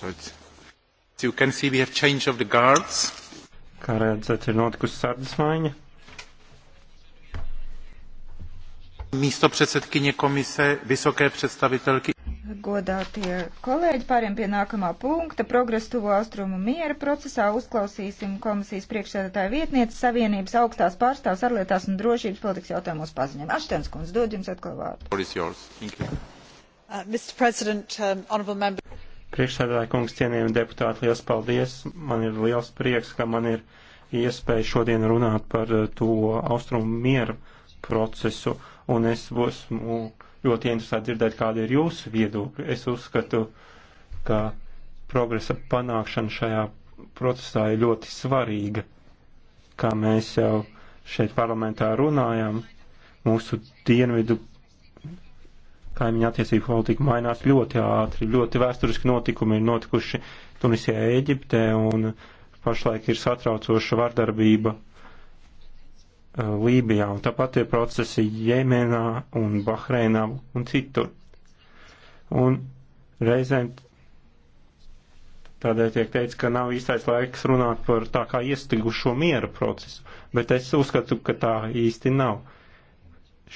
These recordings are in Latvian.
So as you can see, we have change of the guards. Kā redzat, ir notikusi sardas maiņa. Místo předsedkyně komise vysoké představitelky. Godātie kolēģi, pāriem pie nākamā punkta. Progresu tuvo austrumu miera procesā uzklausīsim komisijas priekšsēdētāja vietnieces Savienības augstās pārstāvs ārlietās un drošības politikas jautājumos paziņojumu. Aštens kundze, dod jums atkal vārdu. Uh, um, Priekšsēdētāji kungs, cienījami deputāti, liels paldies! Man ir liels prieks, ka man ir iespēja šodien runāt par uh, to austrumu mieru procesu, un es esmu ļoti interesēti dzirdēt, kāda ir jūsu viedokļa. Es uzskatu, ka progresa panākšana šajā procesā ir ļoti svarīga, kā mēs jau šeit parlamentā runājam. Mūsu dienvidu kaimiņa attiecību politika mainās ļoti ātri, ļoti vēsturiski notikumi ir notikuši Tunisijā, Eģiptē, un pašlaik ir satraucoša vardarbība eh, Lībijā, un tāpat ir procesi Jemenā un Bahreinā un citur. Un reizēm tādēļ tiek teikt, ka nav īstais laiks runāt par tā kā iestrigušo miera procesu, bet es uzskatu, ka tā īsti nav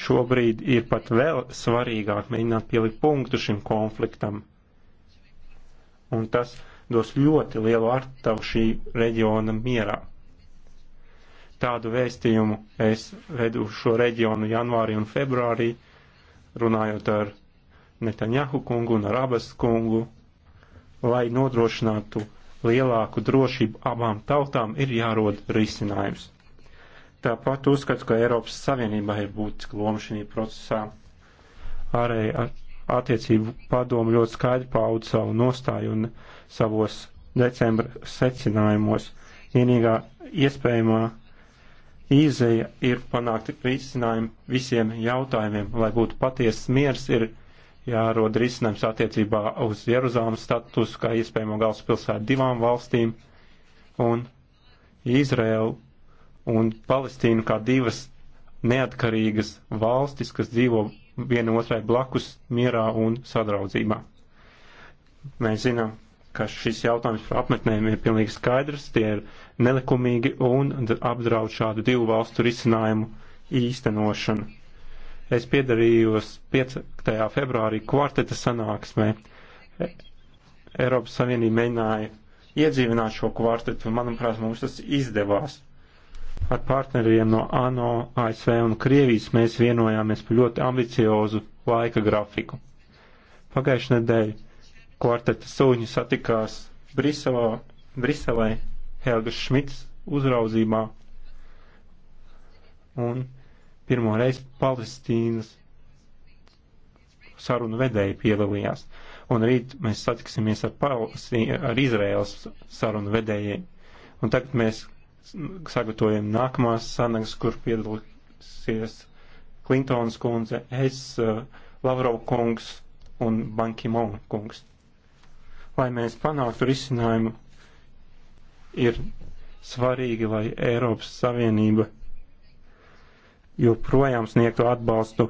Šobrīd ir pat vēl svarīgāk mēģināt pielikt punktu šim konfliktam. Un tas dos ļoti lielu artavu šī reģiona mierā. Tādu vēstījumu es vedu šo reģionu janvārī un februārī, runājot ar Netaņahu kungu un ar abas kungu, lai nodrošinātu lielāku drošību abām tautām, ir jārod risinājums. Tāpat uzskatu, ka Eiropas Savienībā ir būtiska loma šī procesā. Ārēji attiecību padomu ļoti skaidri pauda savu nostāju un savos decembra secinājumos. Vienīgā iespējamā īzeja ir panākt risinājumu visiem jautājumiem, lai būtu patiesas miers, ir jārod risinājums attiecībā uz Jeruzāmas statusu, kā iespējamo galvaspilsētu divām valstīm un Izraēlu un Palestīnu kā divas neatkarīgas valstis, kas dzīvo viena otrai blakus mierā un sadraudzībā. Mēs zinām, ka šis jautājums par apmetnēm ir pilnīgi skaidrs, tie ir nelikumīgi un apdraud šādu divu valstu risinājumu īstenošanu. Es piedarījos 5. februārī kvarteta sanāksmē. E- Eiropas Savienība mēģināja iedzīvināt šo kvartetu, un manuprāt, mums tas izdevās. Ar partneriem no ANO, ASV un Krievijas mēs vienojāmies par ļoti ambiciozu laika grafiku. Pagājušajā nedēļā kvarteta suņi satikās Briselā, Briselē Helga Šmits uzraudzībā un pirmo reizi Palestīnas sarunu vedēji piedalījās. Un rīt mēs satiksimies ar, Palestī, ar Izraels sarunu vedējiem. Un tagad mēs sagatavojam nākamās sanaks, kur piedalīsies Klintons kundze, es, eh, Lavrov kungs un Bankimon kungs. Lai mēs panāktu risinājumu, ir svarīgi, lai Eiropas Savienība joprojām sniegtu atbalstu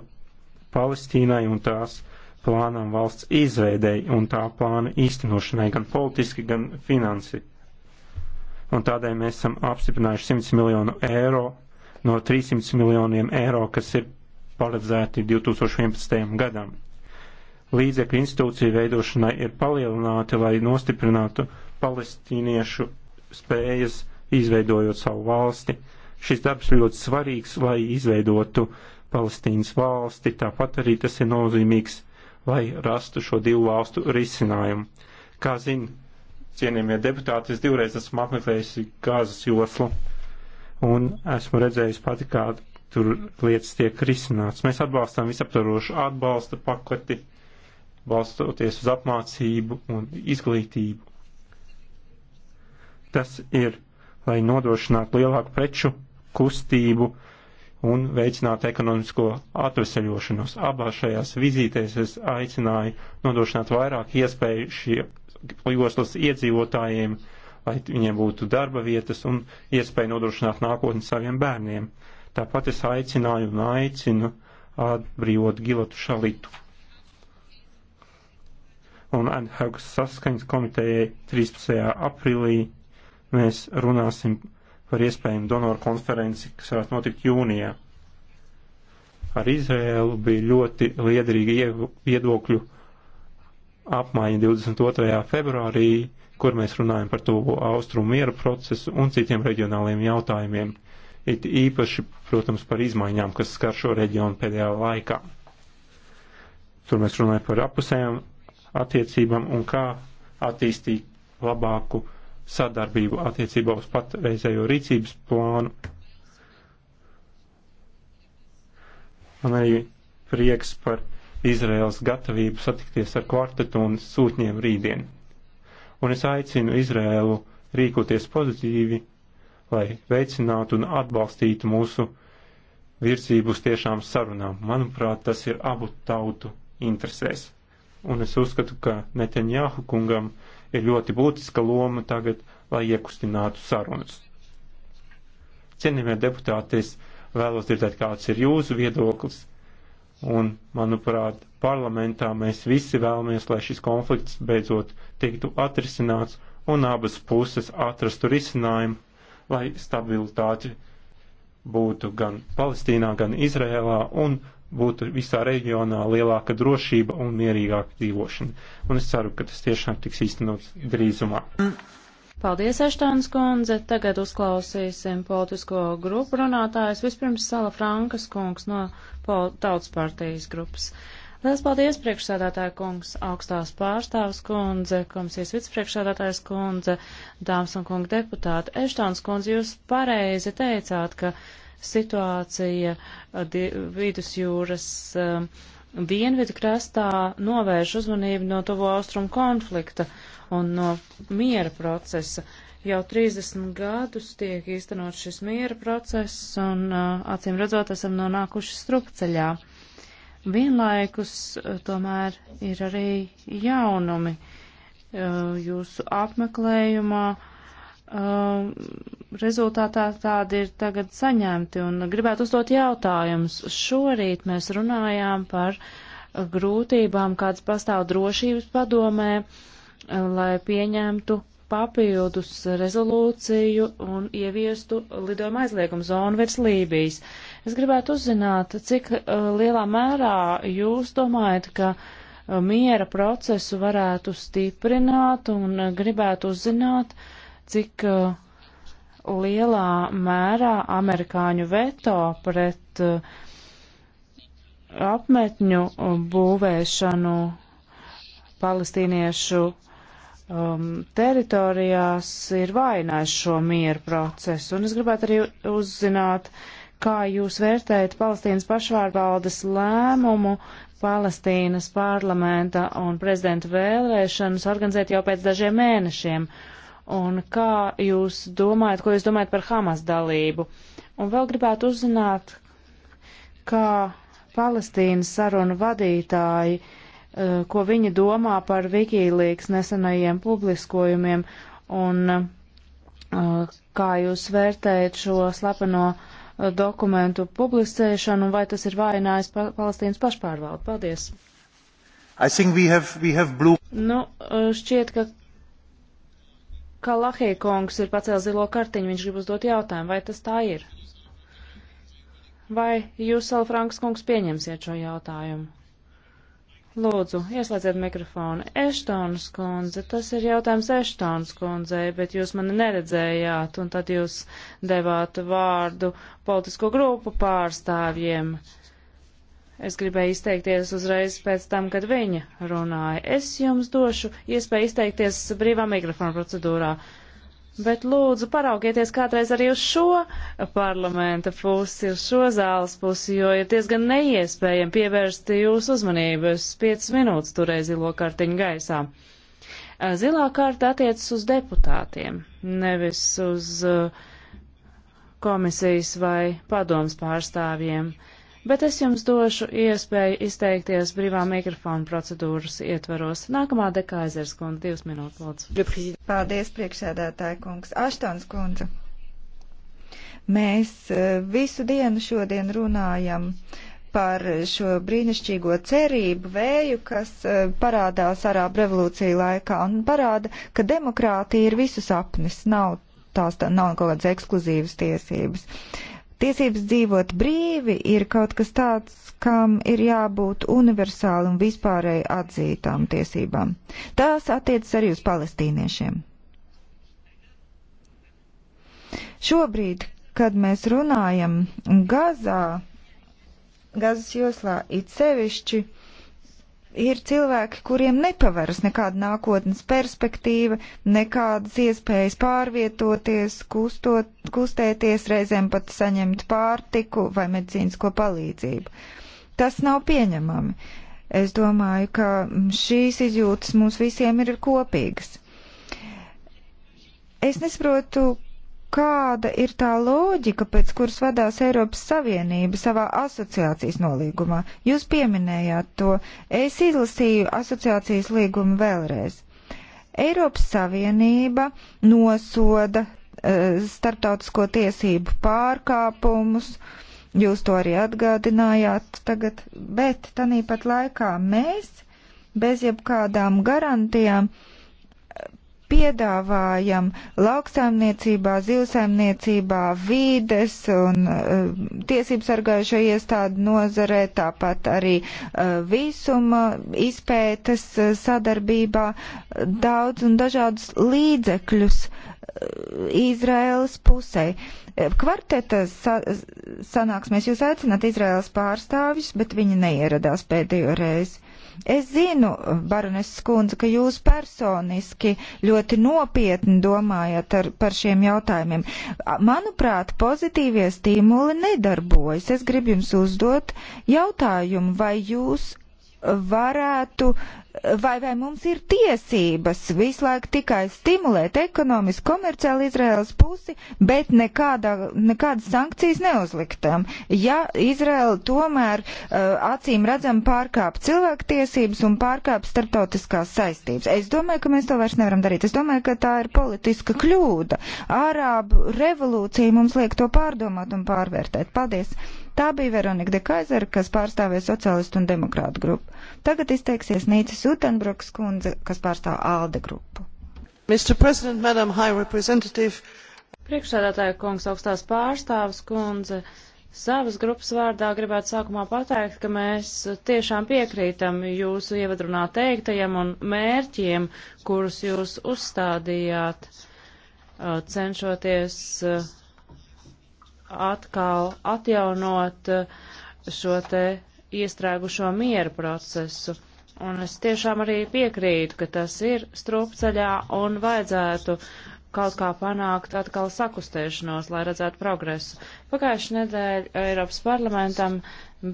Palestīnai un tās plānam valsts izveidēji un tā plāna īstenošanai gan politiski, gan finansi un tādēļ mēs esam apstiprinājuši 100 miljonu eiro no 300 miljoniem eiro, kas ir paredzēti 2011. gadam. Līdzekļu institūciju veidošanai ir palielināti, lai nostiprinātu palestīniešu spējas izveidojot savu valsti. Šis darbs ļoti svarīgs, lai izveidotu Palestīnas valsti, tāpat arī tas ir nozīmīgs, lai rastu šo divu valstu risinājumu. Kā zina cienījamie deputāti, es divreiz esmu apmeklējis gāzes joslu un esmu redzējis pati, kā tur lietas tiek risināts. Mēs atbalstām visaptarošu atbalsta pakoti, balstoties uz apmācību un izglītību. Tas ir, lai nodrošinātu lielāku preču kustību un veicinātu ekonomisko atveseļošanos. Abās šajās vizītēs es aicināju nodrošināt vairāk iespēju šie Ligoslas iedzīvotājiem, lai viņiem būtu darba vietas un iespēja nodrošināt nākotni saviem bērniem. Tāpat es aicināju un aicinu atbrīvot Gilotu Šalitu. Un Anhaugas saskaņas komitejai 13. aprīlī mēs runāsim par iespējumu donoru konferenci, kas varētu notikt jūnijā. Ar Izrēlu bija ļoti liederīga viedokļu apmaiņa 22. februārī, kur mēs runājam par to austrumu miera procesu un citiem reģionāliem jautājumiem, it īpaši, protams, par izmaiņām, kas skar šo reģionu pēdējā laikā. Tur mēs runājam par apusējām attiecībām un kā attīstīt labāku sadarbību attiecībā uz patreizējo rīcības plānu. Man arī prieks par Izraels gatavību satikties ar kvartetu un sūtņiem rītdien. Un es aicinu Izraēlu rīkoties pozitīvi, lai veicinātu un atbalstītu mūsu virzību uz tiešām sarunām. Manuprāt, tas ir abu tautu interesēs. Un es uzskatu, ka Netanjahu kungam ir ļoti būtiska loma tagad, lai iekustinātu sarunas. Cienījamie deputāti, es vēlos dzirdēt, kāds ir jūsu viedoklis Un, manuprāt, parlamentā mēs visi vēlamies, lai šis konflikts beidzot tiktu atrisināts un abas puses atrastu risinājumu, lai stabilitāte būtu gan Palestīnā, gan Izrēlā un būtu visā reģionā lielāka drošība un mierīgāka dzīvošana. Un es ceru, ka tas tiešām tiks īstenots drīzumā. Mm. Paldies, Eštāns kundze. Tagad uzklausīsim politisko grupu runātājus. Vispirms Sala Frankas kungs no Tautas partijas grupas. Liels paldies, priekšsēdētāja kungs, augstās pārstāvs kundze, komisijas vicepriekšsēdētājs kundze, dāmas un kungi deputāti. Eštāns kundze, jūs pareizi teicāt, ka situācija vidusjūras. Uh, dienvidu krastā novērš uzmanību no tuvo austrumu konflikta un no miera procesa. Jau 30 gadus tiek īstenot šis miera process, un acīm redzot, esam nonākuši strupceļā. Vienlaikus tomēr ir arī jaunumi jūsu apmeklējumā Um, rezultātā tādi ir tagad saņemti. Un gribētu uzdot jautājumus. Šorīt mēs runājām par grūtībām, kādas pastāv drošības padomē, uh, lai pieņemtu papildus rezolūciju un ieviestu lidojuma aizliegumu zonu virs Lībijas. Es gribētu uzzināt, cik uh, lielā mērā jūs domājat, ka uh, miera procesu varētu stiprināt un gribētu uzzināt, uh, cik uh, lielā mērā amerikāņu veto pret uh, apmetņu uh, būvēšanu palestīniešu um, teritorijās ir vainājis šo mieru procesu. Un es gribētu arī uzzināt, kā jūs vērtējat Palestīnas pašvārbaldes lēmumu Palestīnas parlamenta un prezidenta vēlēšanas organizēt jau pēc dažiem mēnešiem. Uh, un kā jūs domājat, ko jūs domājat par Hamas dalību. Un vēl gribētu uzzināt, kā Palestīnas sarunu vadītāji, eh, ko viņi domā par Wikileaks nesenajiem publiskojumiem un eh, kā jūs vērtējat šo slepeno eh, dokumentu publicēšanu un vai tas ir vājinājis pa Palestīnas pašpārvaldu? Paldies! We have, we have blue... Nu, šķiet, ka ka Lahija kungs ir pacēlis zilo kartiņu, viņš grib uzdot jautājumu, vai tas tā ir? Vai jūs, Salfranks kungs, pieņemsiet šo jautājumu? Lūdzu, ieslēdziet mikrofonu. Eštons kundze, tas ir jautājums Eštons kundzei, bet jūs mani neredzējāt, un tad jūs devāt vārdu politisko grupu pārstāvjiem. Uh, Es gribēju izteikties uzreiz pēc tam, kad viņa runāja. Es jums došu iespēju izteikties brīvā mikrofona procedūrā. Bet lūdzu, paraugieties kādreiz arī uz šo parlamenta pusi, uz šo zāles pusi, jo ir diezgan neiespējami pievērst jūsu uzmanību. Es 5 minūtes turēju zilo kartiņu gaisā. Eh, zilā karta attiecas uz deputātiem, nevis uz eh, komisijas vai padomas pārstāvjiem. Uh, bet es jums došu iespēju izteikties brīvā mikrofona procedūras ietvaros. Nākamā dekāizers kundze, divas minūtes lūdzu. Paldies, priekšsēdētāja kungs. Aštons kundze. Mēs eh, visu dienu šodien runājam par šo brīnišķīgo cerību vēju, kas eh, parādās Arābu revolūciju laikā un parāda, ka demokrātija ir visu sapnis, nav tās tā, nav kaut kādas ekskluzīvas tiesības. Uh, Tiesības dzīvot brīvi ir kaut kas tāds, kam ir jābūt universāli un vispārēji atzītām tiesībām. Tās attiecas arī uz palestīniešiem. Šobrīd, kad mēs runājam Gazā, Gazas joslā it sevišķi, ir cilvēki, kuriem nepaveras nekāda nākotnes perspektīva, nekādas iespējas pārvietoties, kustot, kustēties, reizēm pat saņemt pārtiku vai medicīnisko palīdzību. Tas nav pieņemami. Es domāju, ka šīs izjūtas mums visiem ir kopīgas. Es nesaprotu, kāda ir tā loģika, pēc kuras vadās Eiropas Savienība savā asociācijas nolīgumā? Jūs pieminējāt to. Es izlasīju asociācijas līgumu vēlreiz. Eiropas Savienība nosoda uh, starptautisko tiesību pārkāpumus. Jūs to arī atgādinājāt tagad, bet tanīpat laikā mēs bez jebkādām garantijām uh, piedāvājam lauksaimniecībā, zivsaimniecībā, vīdes un uh, eh, tiesību sargājušo iestādu nozarē, tāpat arī uh, visuma izpētes uh, sadarbībā daudz un dažādus līdzekļus Izraēlas pusē. Kvarteta sa sanāksmēs jūs aicināt Izraēlas pārstāvis, bet viņi neieradās pēdējo reizi. Es zinu, Barones skundze, ka jūs personiski ļoti nopietni domājat ar, par šiem jautājumiem. Manuprāt, pozitīvie stimuli nedarbojas. Es gribu jums uzdot jautājumu, vai jūs varētu, vai, vai mums ir tiesības visu laiku tikai stimulēt ekonomiski komerciāli Izraels pusi, bet nekāda, nekādas sankcijas neuzliktām. Ja Izraela tomēr uh, acīm redzam pārkāp cilvēktiesības un pārkāp starptautiskās saistības. Es domāju, ka mēs to vairs nevaram darīt. Es domāju, ka tā ir politiska kļūda. Ārābu revolūcija mums liek to pārdomāt un pārvērtēt. Paldies! Tā bija Veronika de Kaisera, kas pārstāvēja sociālistu un demokrātu grupu. Tagad izteiksies Nīcis Utenbroks kundze, kas pārstāv ALDE grupu. Mr. President, Madam High Representative. Priekšsēdētāja kungs, augstās pārstāvs kundze. Savas grupas vārdā gribētu sākumā pateikt, ka mēs tiešām piekrītam jūsu ievadrunā teiktajam un mērķiem, kurus jūs uzstādījāt, uh, cenšoties uh, atkal atjaunot eh, šo te iestrēgušo mieru procesu. Un es tiešām arī piekrītu, ka tas ir strupceļā un vajadzētu kaut kā panākt atkal sakustēšanos, lai redzētu progresu. Pagājušajā nedēļā Eiropas parlamentam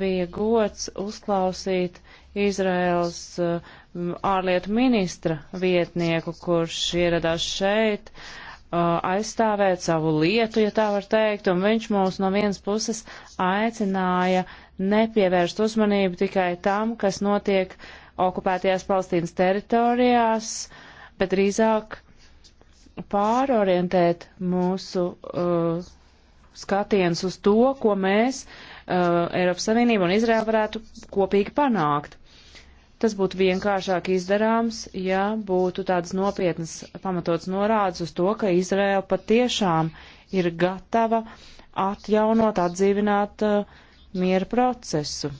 bija gods uzklausīt Izraels eh, ārlietu ministra vietnieku, kurš ieradās šeit. Uh, Uh, aizstāvēt savu lietu, ja tā var teikt, un viņš mūs no vienas puses aicināja nepievērst uzmanību tikai tam, kas notiek okupētajās Palestīnas teritorijās, bet drīzāk pārorientēt mūsu uh, skatiens uz to, ko mēs, uh, Eiropas Savienība un Izraela varētu kopīgi panākt. Tas būtu vienkāršāk izdarāms, ja būtu tādas nopietnas pamatots norādes uz to, ka Izraela patiešām ir gatava atjaunot, atdzīvināt uh, miera procesu.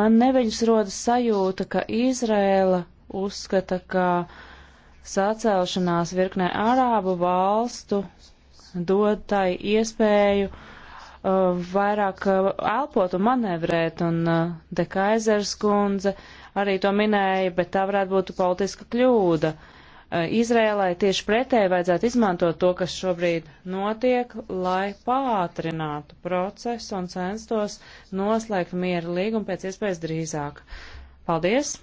Man neveņus rodas sajūta, ka Izraela uzskata, ka sacēlšanās virknē arābu valstu dod tai iespēju uh, Uh, vairāk uh, elpot un manevrēt, un uh, Dekaizers kundze arī to minēja, bet tā varētu būt politiska kļūda. Izrēlai tieši pretēji vajadzētu izmantot to, kas šobrīd notiek, lai pātrinātu procesu un censtos noslēgt mieru līgumu pēc iespējas drīzāk. Paldies!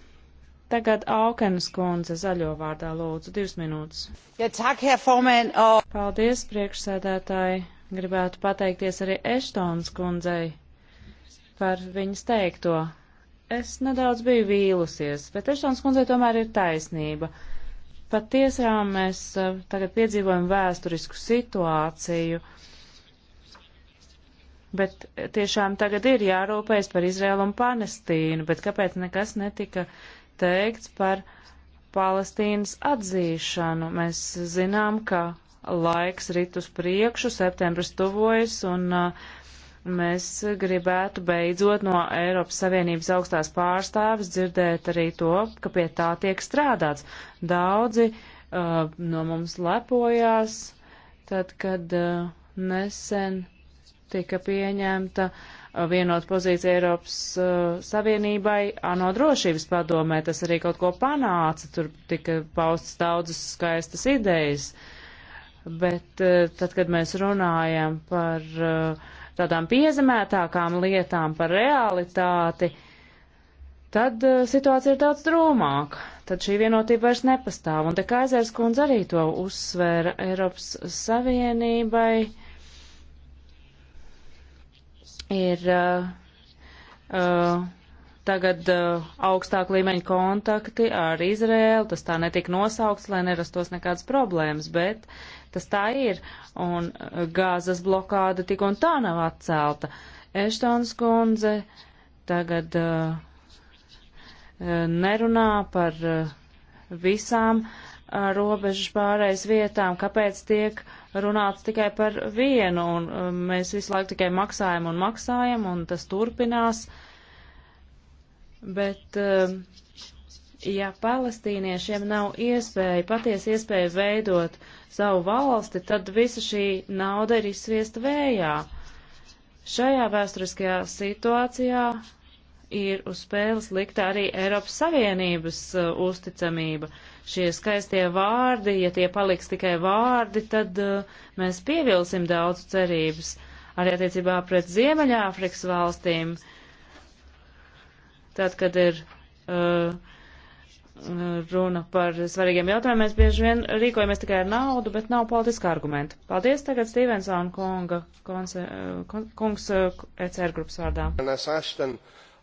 Tagad Aukenas kundze zaļo vārdā lūdzu divas minūtes. Ja, tak, Paldies, priekšsēdētāji! Gribētu pateikties arī Eštons kundzei par viņas teikto. Es nedaudz biju vīlusies, bet Eštons kundzei tomēr ir taisnība. Patiesām mēs eh, tagad piedzīvojam vēsturisku situāciju, bet tiešām tagad ir jārūpējas par Izraelu un Palestīnu, bet kāpēc nekas netika teikts par Palestīnas atzīšanu? Mēs zinām, ka laiks rit uz priekšu, septembris tuvojas un uh, mēs gribētu beidzot no Eiropas Savienības augstās pārstāvis dzirdēt arī to, ka pie tā tiek strādāts. Daudzi uh, no mums lepojās, tad, kad uh, nesen tika pieņemta uh, vienot pozīcija Eiropas uh, Savienībai ANO drošības padomē. Tas arī kaut ko panāca, tur tika paustas daudzas skaistas idejas. Uh, bet eh, tad, kad mēs runājam par eh, tādām piezemētākām lietām, par realitāti, tad eh, situācija ir daudz drūmāka. Tad šī vienotība vairs nepastāv. Un te Kaisers kundze arī to uzsvēra Eiropas Savienībai. Ir uh, uh, tagad uh, augstāk līmeņa kontakti ar Izrēlu, tas tā netika nosaukts, lai nerastos nekādas problēmas, bet tas tā ir, un uh, gāzes blokāda tik un tā nav atcelta. Eštons kundze tagad uh, nerunā par uh, visām uh, robežas pārējais vietām, kāpēc tiek runāts tikai par vienu, un uh, mēs visu laiku tikai maksājam un maksājam, un tas turpinās. Uh, bet eh, ja palestīniešiem nav iespēja, patiesi iespēja veidot savu valsti, tad visa šī nauda ir izsviesta vējā. Šajā vēsturiskajā situācijā ir uz spēles likta arī Eiropas Savienības uh, uzticamība. Šie skaistie vārdi, ja tie paliks tikai vārdi, tad uh, mēs pievilsim daudz cerības. Arī attiecībā pret Ziemeļāfrikas valstīm uh, Tad, kad ir uh, runa par svarīgiem jautājumiem, mēs bieži vien rīkojamies tikai ar naudu, bet nav politiska argumenta. Paldies tagad Stevensona kunga, konse, uh, kungs uh, ECR grupas vārdā.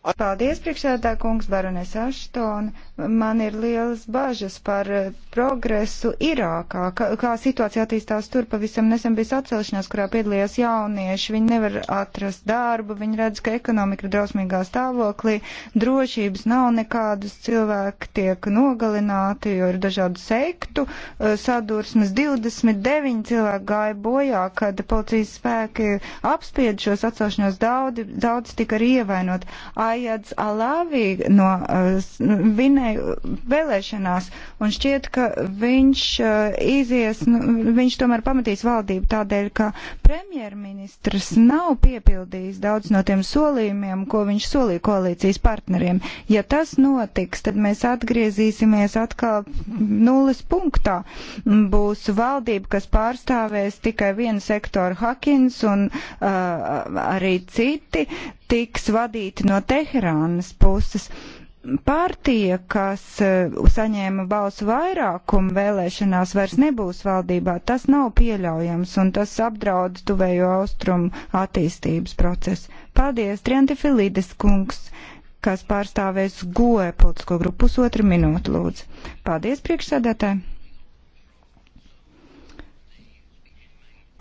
Paldies, priekšsēdā kungs, barones Aštona. Man ir lielas bažas par eh, progresu Irākā, kā, kā situācija attīstās tur. Pavisam nesen bija atcelšanās, kurā piedalījās jaunieši. Viņi nevar atrast darbu, viņi redz, ka ekonomika ir drausmīgā stāvoklī, drošības nav nekādas, cilvēki tiek nogalināti, jo ir dažādu sektu eh, sadursmes. 29 cilvēki gāja bojā, kad policijas spēki apspied šos atcelšanos, daudz, daudz tika arī ievainot. Fajads Alāvī no uh, vinēja vēlēšanās, un šķiet, ka viņš uh, izies, nu, viņš tomēr pamatīs valdību tādēļ, ka premjerministrs nav piepildījis daudz no tiem solījumiem, ko viņš solīja koalīcijas partneriem. Ja tas notiks, tad mēs atgriezīsimies atkal nulles punktā. Būs valdība, kas pārstāvēs tikai vienu sektoru Hakins un uh, arī citi tiks vadīti no Teherānas puses. Partija, kas eh, saņēma balsu vairākumu vēlēšanās, vairs nebūs valdībā. Tas nav pieļaujams un tas apdraud tuvējo austrumu attīstības procesu. Paldies, Trianti Filides kungs, kas pārstāvēs goe politisko grupu pusotru minūtu lūdzu. Paldies, priekšsēdētāji!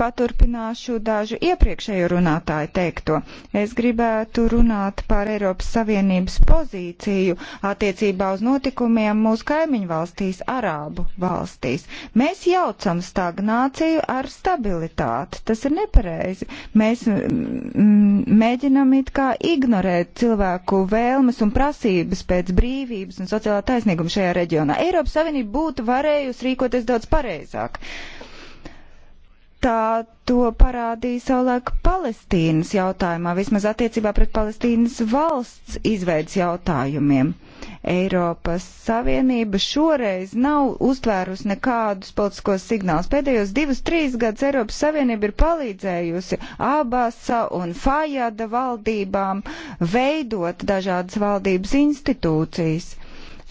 paturpināšu dažu iepriekšējo runātāju teikto. Es gribētu runāt par Eiropas Savienības pozīciju attiecībā uz notikumiem mūsu kaimiņu valstīs, Arābu valstīs. Mēs jaucam stagnāciju ar stabilitāti. Tas ir nepareizi. Mēs mm, mm, mēģinam it kā ignorēt cilvēku vēlmes un prasības pēc brīvības un sociālā taisnīguma šajā reģionā. Eiropas Savienība būtu varējusi rīkoties daudz pareizāk tā to parādīja savulaik Palestīnas jautājumā, vismaz attiecībā pret Palestīnas valsts izveidas jautājumiem. Eiropas Savienība šoreiz nav uztvērusi nekādus politiskos signālus. Pēdējos divus, trīs gadus Eiropas Savienība ir palīdzējusi Abasa un Fajada valdībām veidot dažādas valdības institūcijas.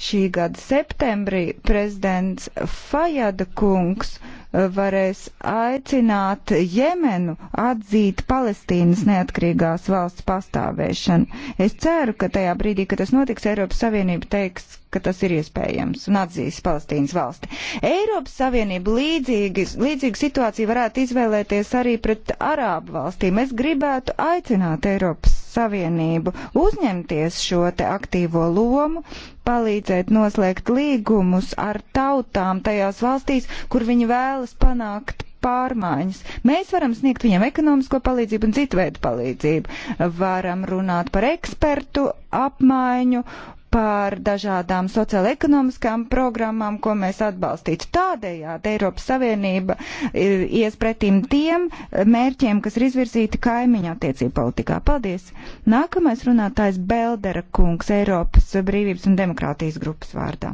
Šī gada septembrī prezidents Fajada kungs uh, varēs aicināt Jemenu atzīt Palestīnas neatkarīgās valsts pastāvēšanu. Es ceru, ka tajā brīdī, kad tas notiks, Eiropas Savienība teiks, ka tas ir iespējams un atzīs Palestīnas valsti. Eiropas Savienība līdzīgi, līdzīgu situāciju varētu izvēlēties arī pret Arābu valstīm. Es gribētu aicināt Eiropas Savienību uzņemties šo te aktīvo lomu palīdzēt noslēgt līgumus ar tautām tajās valstīs, kur viņi vēlas panākt pārmaiņas. Mēs varam sniegt viņiem ekonomisko palīdzību un citu veidu palīdzību. Varam runāt par ekspertu apmaiņu par dažādām sociāla-ekonomiskām programmām, ko mēs atbalstītu. Tādējādi Eiropas Savienība e, ies pretim tiem mērķiem, kas ir izvirzīti kaimiņa attiecību politikā. Paldies! Nākamais runātājs Beldera kungs Eiropas brīvības un demokrātijas grupas vārdā.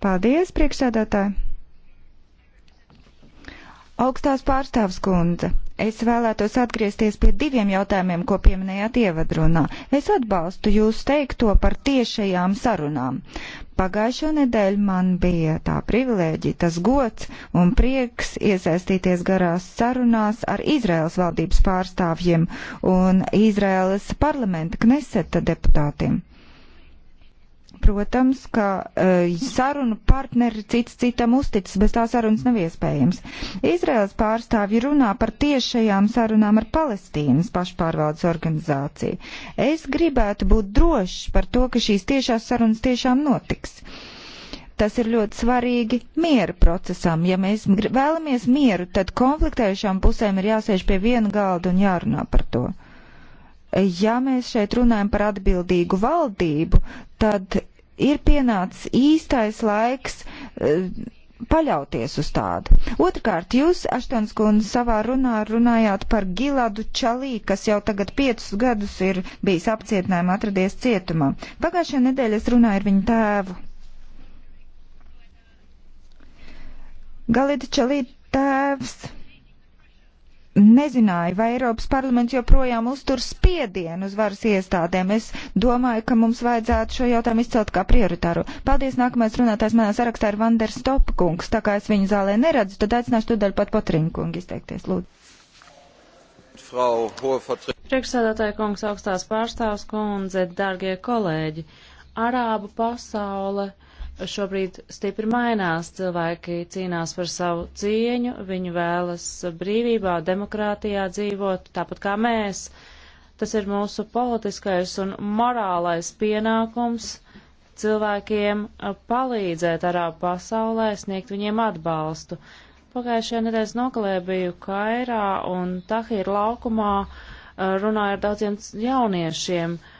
Paldies, priekšsēdētāji! Augstās pārstāvs kundze, es vēlētos atgriezties pie diviem jautājumiem, ko pieminējāt ievadrunā. Es atbalstu jūs teikto par tiešajām sarunām. Pagājušo nedēļu man bija tā privilēģija, tas gods un prieks iesaistīties garās sarunās ar Izraels valdības pārstāvjiem un Izraels parlamenta kneseta deputātiem. Protams, ka uh, sarunu partneri cits citam uzticas, bez tā sarunas nav iespējams. Izraels pārstāvji runā par tiešajām sarunām ar Palestīnas pašpārvaldes organizāciju. Es gribētu būt drošs par to, ka šīs tiešās sarunas tiešām notiks. Uh, tas ir ļoti svarīgi miera procesam. Ja mēs vēlamies mieru, tad konfliktējušām pusēm ir jāsēž pie viena galda un jārunā par to. Ja mēs šeit runājam par atbildīgu valdību, tad ir pienācis īstais laiks eh, paļauties uz tādu. Otrkārt, jūs, Aštons kundze, savā runā runājāt par Giladu Čalī, kas jau tagad piecus gadus ir bijis apcietinājumā, atradies cietumā. Pagājušajā nedēļā es runāju ar viņu tēvu. Galita Čalī tēvs nezināju, vai Eiropas parlaments joprojām uztur spiedienu uz varas iestādēm. Es domāju, ka mums vajadzētu šo jautājumu izcelt kā prioritāru. Paldies, nākamais runātājs manā sarakstā ir Vanders Topkungs. Tā kā es viņu zālē neredzu, tad aicināšu tūdaļ pat Potrinkungu izteikties. Lūdzu. Priekšsēdētāja kungs, augstās pārstāvs kundze, dārgie kolēģi, Arābu pasaule šobrīd stipri mainās. Cilvēki cīnās par savu cieņu, viņi vēlas brīvībā, demokrātijā dzīvot, tāpat kā mēs. Tas ir mūsu politiskais un morālais pienākums cilvēkiem palīdzēt arā pasaulē, sniegt viņiem atbalstu. Pagājušajā nedēļas nokalē biju Kairā un Tahīra laukumā eh, runāju ar daudziem jauniešiem. Uh,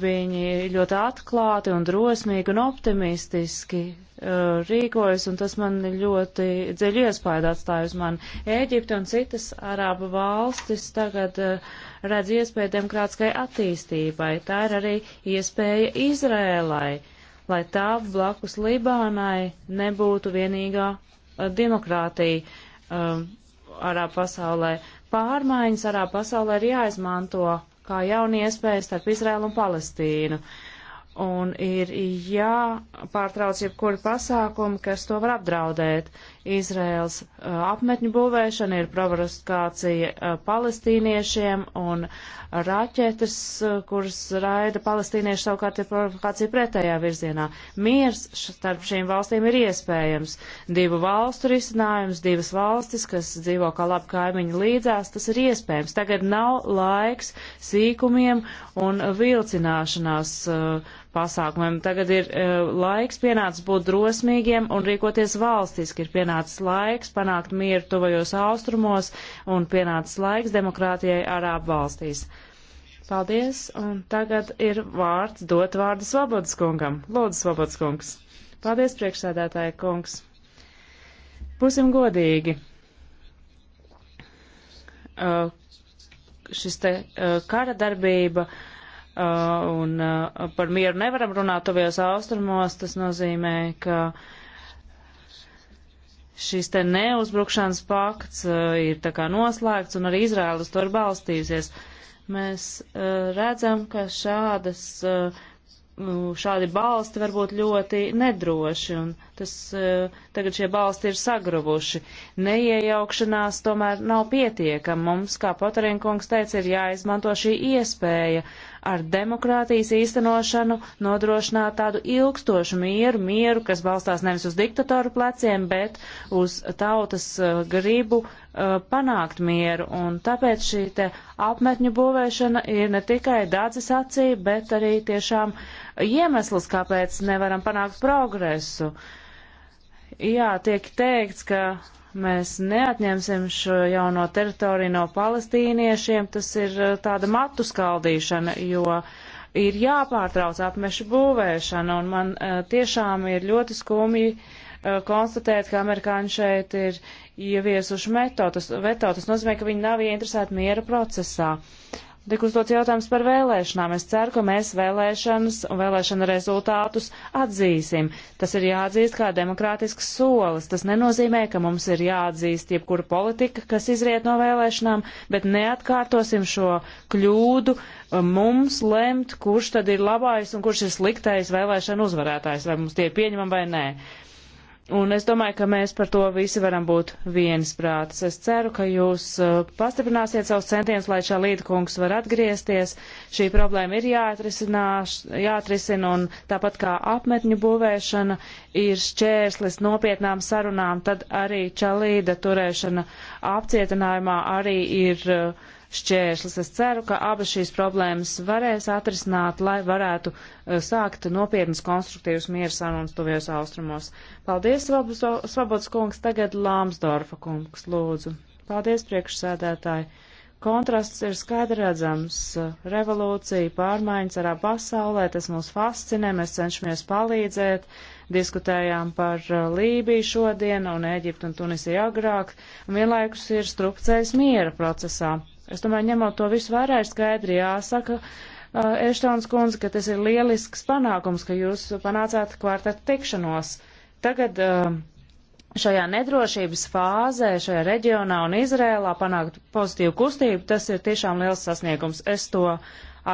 Viņi ļoti atklāti un drosmīgi un optimistiski uh, rīkojas, un tas man ļoti dziļi iespaidā atstāja uz mani. Ēģipte un citas arābu valstis tagad uh, redz iespēju demokrātiskai attīstībai. Tā ir arī iespēja Izrēlai, lai tā blakus Libānai nebūtu vienīgā uh, demokrātija. Uh, arā pasaulē. Pārmaiņas arā pasaulē ir jāizmanto kā jauna iespēja starp Izrēlu un Palestīnu. Uh, un ir jāpārtrauc jebkuri pasākumi, kas to var apdraudēt. Izraels uh, apmetņu būvēšana ir provokācija uh, palestīniešiem un raķetes, uh, kuras raida palestīnieši savukārt ir provokācija pretējā virzienā. Miers starp šīm valstīm ir iespējams. Divu valstu risinājums, divas valstis, kas dzīvo kā labi kaimiņi līdzās, tas ir iespējams. Tagad nav laiks sīkumiem un vilcināšanās. Uh, pasākumiem. Tagad ir uh, laiks pienācis būt drosmīgiem un rīkoties valstiski. Ir pienācis laiks panākt mieru tuvajos austrumos un pienācis laiks demokrātijai Arābu valstīs. Paldies, un tagad ir vārds dot vārdu Svabodas kungam. Lūdzu, Svabodas kungs. Paldies, priekšsēdētāja kungs. Būsim godīgi. Uh, šis te uh, kara darbība uh, Uh, un uh, par mieru nevaram runāt tuvajos austrumos, tas nozīmē, ka šis te neuzbrukšanas pakts uh, ir tā kā noslēgts un arī Izraela uz to ir balstījusies. Mēs redzam, ka šādas, nu, šādi balsti var būt ļoti nedroši un tas, tagad šie balsti ir sagruvuši. Neiejaukšanās tomēr nav pietiekama. Mums, kā Poterinkungs teica, ir jāizmanto šī iespēja ar demokrātijas īstenošanu nodrošināt tādu ilgstošu mieru, mieru, kas balstās nevis uz diktatoru pleciem, bet uz tautas uh, gribu uh, panākt mieru. Un tāpēc šī te apmetņu būvēšana ir ne tikai dācis acī, bet arī tiešām iemesls, kāpēc nevaram panākt progresu. Jā, tiek teikts, ka Mēs neatņemsim šo jauno teritoriju no palestīniešiem, tas ir eh, tāda matu skaldīšana, jo ir jāpārtrauc apmešu būvēšana, un man eh, tiešām ir ļoti skumji eh, konstatēt, ka amerikāņi šeit ir ieviesuši metodas, veto, tas nozīmē, ka viņi nav ieinteresēti miera procesā. Uh, Tik uzdots jautājums par vēlēšanām. Es ceru, ka mēs vēlēšanas un vēlēšana rezultātus atzīsim. Tas ir jāatzīst kā demokrātisks solis. Tas nenozīmē, ka mums ir jāatzīst jebkura politika, kas izriet no vēlēšanām, bet neatkārtosim šo kļūdu um, mums lemt, kurš tad ir labais un kurš ir sliktais vēlēšana uzvarētājs, vai mums tie ir pieņemami vai nē. Uh, Un es domāju, ka mēs par to visi varam būt viensprātis. Es ceru, ka jūs uh, pastiprināsiet savus centienus, lai šā līdkungs var atgriezties. Šī problēma ir jāatrisina, un tāpat kā apmetņu būvēšana ir šķērslis nopietnām sarunām, tad arī čalīda turēšana apcietinājumā arī ir uh, šķēršļus. Es ceru, ka abas šīs problēmas varēs atrisināt, lai varētu eh, sākt nopietnas konstruktīvas mieru sarunas tuvējos austrumos. Paldies, Svabots kungs, tagad Lāmsdorfa kungs, lūdzu. Paldies, priekšsēdētāji. Kontrasts ir skaidri redzams. Revolūcija, pārmaiņas arā pasaulē, tas mūs fascinē, mēs cenšamies palīdzēt diskutējām par eh, Lībiju šodien un Eģiptu un Tunisiju agrāk, un vienlaikus ir strupceļs miera procesā. Es domāju, ņemot to visu vērā, ir skaidri jāsaka, uh, Eštons kundze, ka tas ir lielisks panākums, ka jūs panācāt kvarteta tikšanos. Tagad uh, šajā nedrošības fāzē, šajā reģionā un Izrēlā panākt pozitīvu kustību, tas ir tiešām liels sasniegums. Es to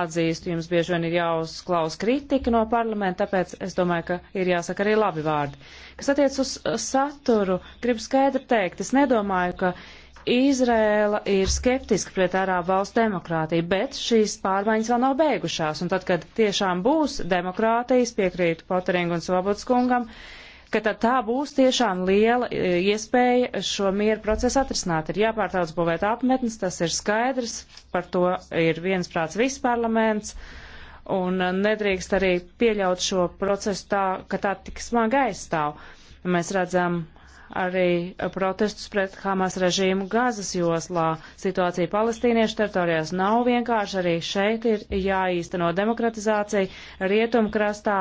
atzīstu, jums bieži vien ir jāuzklaus kritika no parlamenta, tāpēc es domāju, ka ir jāsaka arī labi vārdi. Kas attiec uz uh, saturu, gribu skaidri teikt, es nedomāju, ka Izrēla ir skeptiska pret arābu valstu demokrātiju, bet šīs pārmaiņas vēl nav beigušās, un tad, kad tiešām būs demokrātijas, piekrītu Poteringu un Svobods kungam, ka tad tā būs tiešām liela e, iespēja šo mieru procesu atrisināt. Ir jāpārtauc būvēt apmetnes, tas ir skaidrs, par to ir viensprāts viss parlaments, un nedrīkst arī pieļaut šo procesu tā, ka tā tik smagi aizstāv. Mēs redzam arī protestus pret Hamas režīmu Gazas joslā. Situācija palestīniešu teritorijās nav vienkārši, arī šeit ir jāīsteno demokratizācija. Rietumkrastā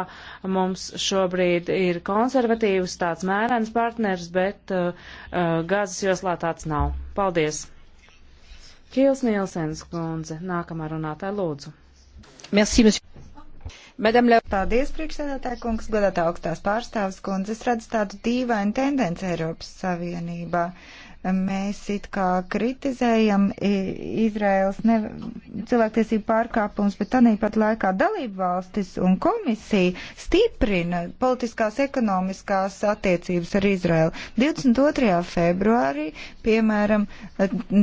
mums šobrīd ir konservatīvs tāds mērens partners, bet uh, uh, Gazas joslā tāds nav. Paldies! Kīls Nielsens, kundze, nākamā runātāja lūdzu. Merci, monsieur. Le... Paldies, priekšsēdētāja kungs, godātā augstās pārstāvs kundze. Es redzu tādu dīvainu tendenci Eiropas Savienībā. Uh, mēs it kā kritizējam Izraels ne, cilvēktiesību pārkāpums, bet tāpat laikā dalību valstis un komisija stiprina politiskās ekonomiskās attiecības ar Izraelu. 22. februārī, piemēram,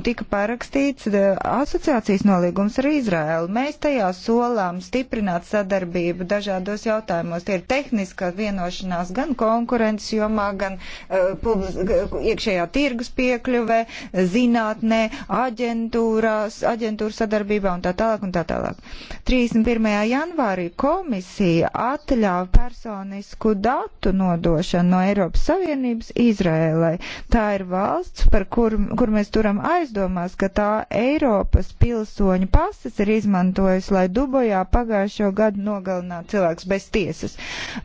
tika parakstīts e, asociācijas nolīgums ar Izraelu. Mēs tajā solām stiprināt sadarbību dažādos jautājumos. Tie ir tehniska vienošanās gan konkurences jomā, gan uh, publis, iekšējā tirgus pieeja piekļuvē, zinātnē, aģentūrās, aģentūra sadarbībā un tā tālāk un tā tālāk. 31. janvārī komisija atļāva personisku datu nodošanu no Eiropas Savienības Izrēlai. Tā ir valsts, par kur, kur mēs turam aizdomās, ka tā Eiropas pilsoņu pases ir izmantojusi, lai Dubojā pagājušo gadu nogalinātu cilvēks bez tiesas.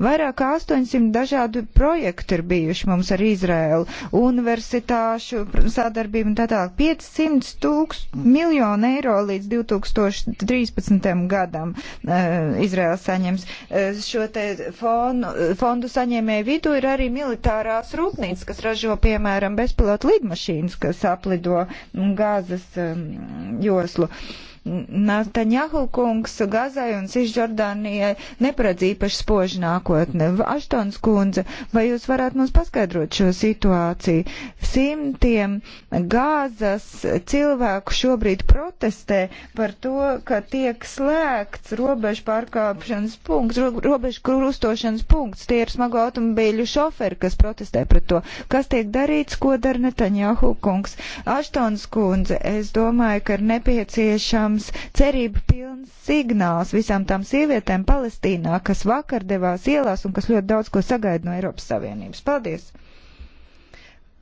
Vairāk kā 800 dažādu projektu ir bijuši mums ar Izrēlu. Universitāšu finanšu sadarbību un tā tālāk. 500 tūkst, miljonu eiro līdz 2013. gadam uh, Izraels saņems. Uh, šo te fonu, fondu saņēmēju vidu ir arī militārās rūpnīcas, kas ražo, piemēram, bezpilotu lidmašīnas, kas aplido gāzes um, eh, joslu. Uh, Nataņahu kungs Gazai un Cisjordānijai neparedz īpaši spoži nākotne. Aštons kundze, vai jūs varētu mums paskaidrot šo situāciju? Simtiem Gāzas cilvēku šobrīd protestē par to, ka tiek slēgts robežu pārkāpšanas punkts, ro robežu krustošanas punkts. Tie ir smago automobīļu šoferi, kas protestē pret to. Kas tiek darīts, ko dara Netaņahu kungs? Aštons kundze, es domāju, ka ir nepieciešams mums cerību pilns signāls visām tām sievietēm Palestīnā, kas vakar devās ielās un kas ļoti daudz ko sagaida no Eiropas Savienības. Paldies!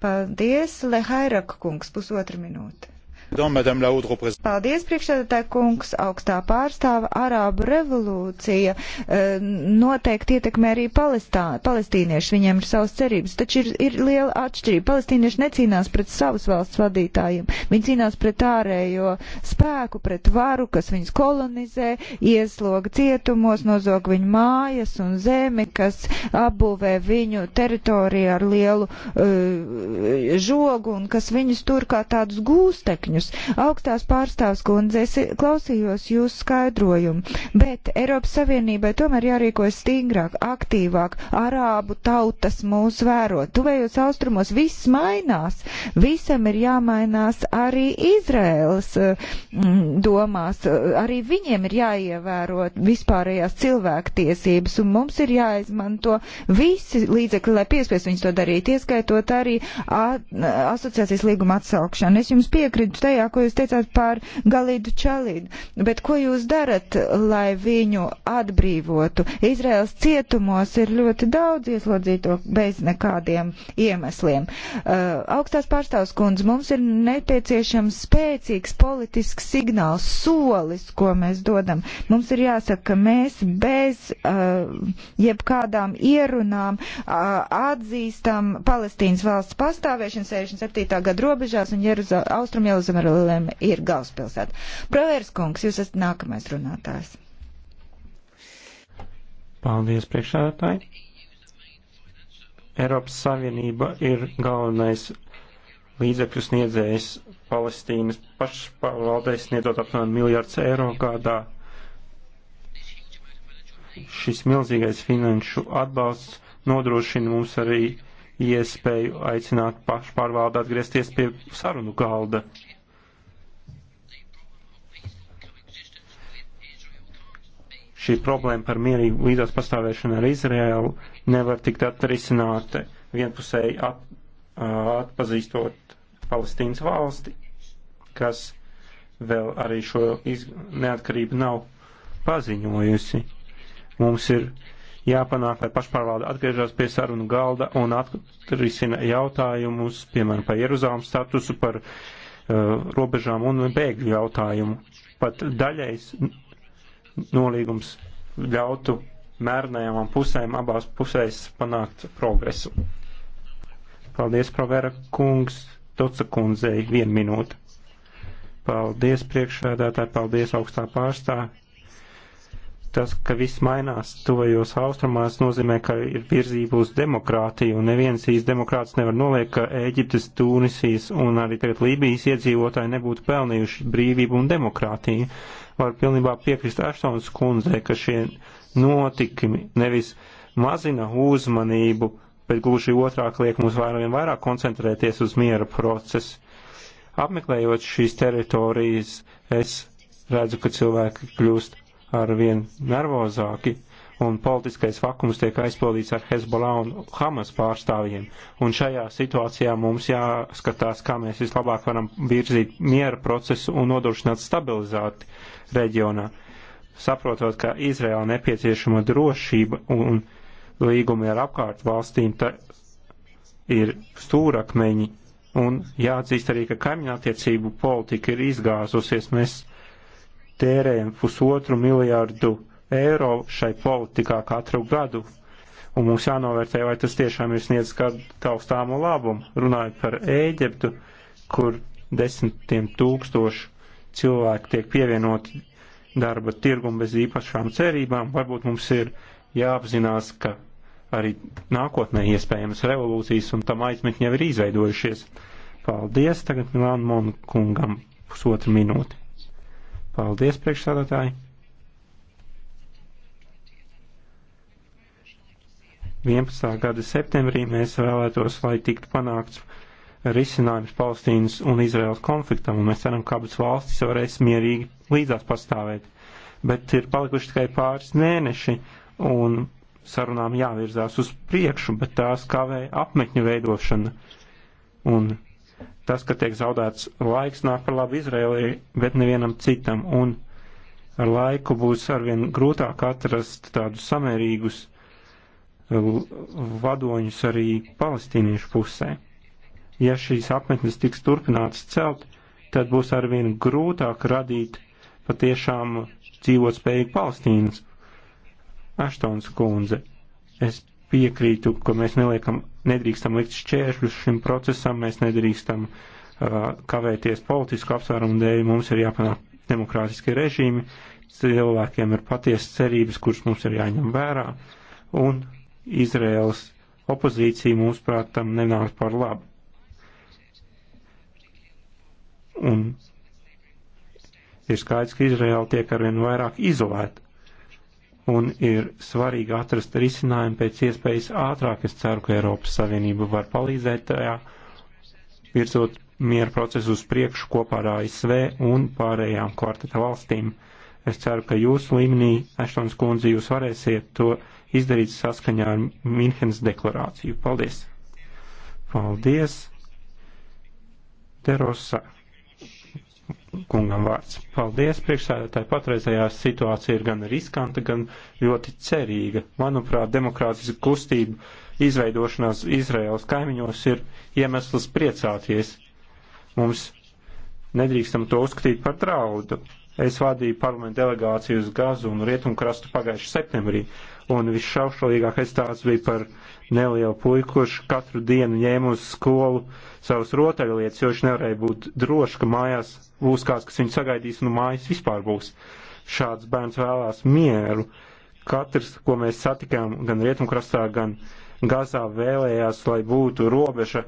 Paldies, Lehairaka kungs, pusotra minūte. Paldies, priekšsēdētāja kungs, augstā pārstāva. Arābu revolūcija eh, noteikti ietekmē arī palestā, palestīnieši. Viņiem ir savas cerības, taču ir, ir liela atšķirība. Palestīnieši necīnās pret savas valsts vadītājiem. Viņi cīnās pret ārējo spēku, pret varu, kas viņus kolonizē, iesloga cietumos, nozog viņu mājas un zemi, kas apbūvē viņu teritoriju ar lielu uh, žogu un kas viņus tur kā tādus gūstekņus cēloņus. Augstās pārstāvs kundze, es klausījos jūsu skaidrojumu, bet Eiropas Savienībai tomēr jārīkojas stingrāk, aktīvāk, arābu tautas mūs vēro. Tuvējos austrumos viss mainās, visam ir jāmainās arī Izraēlas mm, domās, arī viņiem ir jāievēro vispārējās cilvēktiesības, un mums ir jāizmanto visi līdzekļi, lai piespies viņus to darīt, ieskaitot arī asociācijas līguma atsaukšanu. Es jums piekrītu tajā, ko jūs teicāt par Galīdu Čalīdu, bet ko jūs darat, lai viņu atbrīvotu? Izraels cietumos ir ļoti daudz ieslodzīto bez nekādiem iemesliem. Uh, augstās pārstāvs kundze, mums ir nepieciešams spēcīgs politisks signāls, solis, ko mēs dodam. Mums ir jāsaka, ka mēs bez uh, jebkādām ierunām uh, atzīstam Palestīnas valsts pastāvēšanu 67. gada robežās un Jeruzal Austrum Jeruzalē. Sommerlem ir galvaspilsēta. Pravērs kungs, jūs esat nākamais runātājs. Paldies, priekšsēdētāji. Eiropas Savienība ir galvenais līdzekļu sniedzējs Palestīnas pašpārvaldei sniedzot apmēram miljārds eiro gadā. Šis milzīgais finanšu atbalsts nodrošina mums arī iespēju aicināt pašpārvaldi atgriezties pie sarunu galda. šī problēma par mierīgu līdzās pastāvēšanu ar Izraēlu nevar tikt atrisināta vienpusēji at, atpazīstot Palestīnas valsti, kas vēl arī šo iz, neatkarību nav paziņojusi. Mums ir jāpanāk, lai pašpārvalde atgriežas pie sarunu galda un atrisina jautājumus, piemēram, par Jeruzāmas statusu, par uh, robežām un bēgļu jautājumu. Pat daļais nolīgums ļautu mērnējām pusēm abās pusēs panākt progresu. Paldies, Provera kungs, Toca kundzei, vienu minūti. Paldies, priekšēdētāji, paldies, augstā pārstāvja tas, ka viss mainās tuvajos austrumās, nozīmē, ka ir virzība uz demokrātiju, un neviens īsts demokrāts nevar noliekt, ka Ēģiptes, Tūnisijas un arī tagad Lībijas iedzīvotāji nebūtu pelnījuši brīvību un demokrātiju var pilnībā piekrist Aštons kundzei, ka šie notikumi nevis mazina uzmanību, bet gluži otrāk liek mums vairāk un vairāk koncentrēties uz miera procesu. Apmeklējot šīs teritorijas, es redzu, ka cilvēki kļūst ar vien nervozāki, un politiskais vakums tiek aizpildīts ar Hezbollah un Hamas pārstāvjiem. Un šajā situācijā mums jāskatās, kā mēs vislabāk varam virzīt miera procesu un nodrošināt stabilizāti reģionā. Saprotot, ka Izraēla nepieciešama drošība un līgumi ar apkārt valstīm ir stūrakmeņi, un jāatzīst arī, ka kaimiņattiecību politika ir izgāzusies. Mēs tērējam pusotru miljārdu eiro šai politikā katru gadu, un mums jānovērtē, vai tas tiešām ir sniedz kādu taustāmu labumu. Runājot par Ēģiptu, kur desmitiem tūkstošu cilvēki tiek pievienoti darba tirgumu bez īpašām cerībām, varbūt mums ir jāapzinās, ka arī nākotnē iespējams revolūcijas un tam aizmetņi jau ir izveidojušies. Paldies tagad Milānu Monkungam pusotru minūti. Paldies priekšsādātāji. 11. gada septembrī mēs vēlētos, lai tiktu panākts risinājums Palestīnas un Izraels konfliktam, un mēs ceram, ka abas valstis varēs mierīgi līdzās pastāvēt. Bet ir palikuši tikai pāris mēneši, un sarunām jāvirzās uz priekšu, bet tās kavē apmetņu veidošana. Un tas, ka tiek zaudēts laiks, nāk par labu Izraēlē, bet nevienam citam, un ar laiku būs arvien grūtāk atrast tādus samērīgus vadoņus arī palestīniešu pusē ja šīs apmetnes tiks turpināts celt, tad būs arvien grūtāk radīt patiešām dzīvot spējīgu Palestīnas. Aštons kundze, es piekrītu, ka mēs neliekam, nedrīkstam likt šķēršļus šim procesam, mēs nedrīkstam uh, kavēties politisku apsvērumu dēļ, mums ir jāpanāk demokrātiski režīmi, cilvēkiem ir patiesas cerības, kuras mums ir jāņem vērā, un Izraels opozīcija, mūsuprāt, tam nenāk par labu. un ir skaidrs, ka Izraela tiek arvien vairāk izolēta. Un ir svarīgi atrast risinājumu pēc iespējas ātrāk. Es ceru, ka Eiropas Savienība var palīdzēt tajā, virzot miera procesu uz priekšu kopā ar ASV un pārējām kvarteta valstīm. Es ceru, ka jūsu līmenī, Eštons kundze, jūs varēsiet to izdarīt saskaņā ar Minhenes deklarāciju. Paldies! Paldies! Terosa kungam vārds. Paldies, priekšsēdētāji. Patreizējā situācija ir gan riskanta, gan ļoti cerīga. Manuprāt, demokrātiska kustība izveidošanās Izraels kaimiņos ir iemesls priecāties. Mums nedrīkstam to uzskatīt par draudu. Es vadīju parlamentu delegāciju uz Gazu un Rietumkrastu pagājuši septembrī, un visšaušalīgākais tāds bija par nelielu puiku, kurš katru dienu ņēma uz skolu savas rotaļlietas, jo viņš nevarēja būt drošs, ka mājās būs kāds, kas viņu sagaidīs, un mājas vispār būs. Šāds bērns vēlās mieru. Katrs, ko mēs satikām gan Rietumkrastā, gan Gazā, vēlējās, lai būtu robeža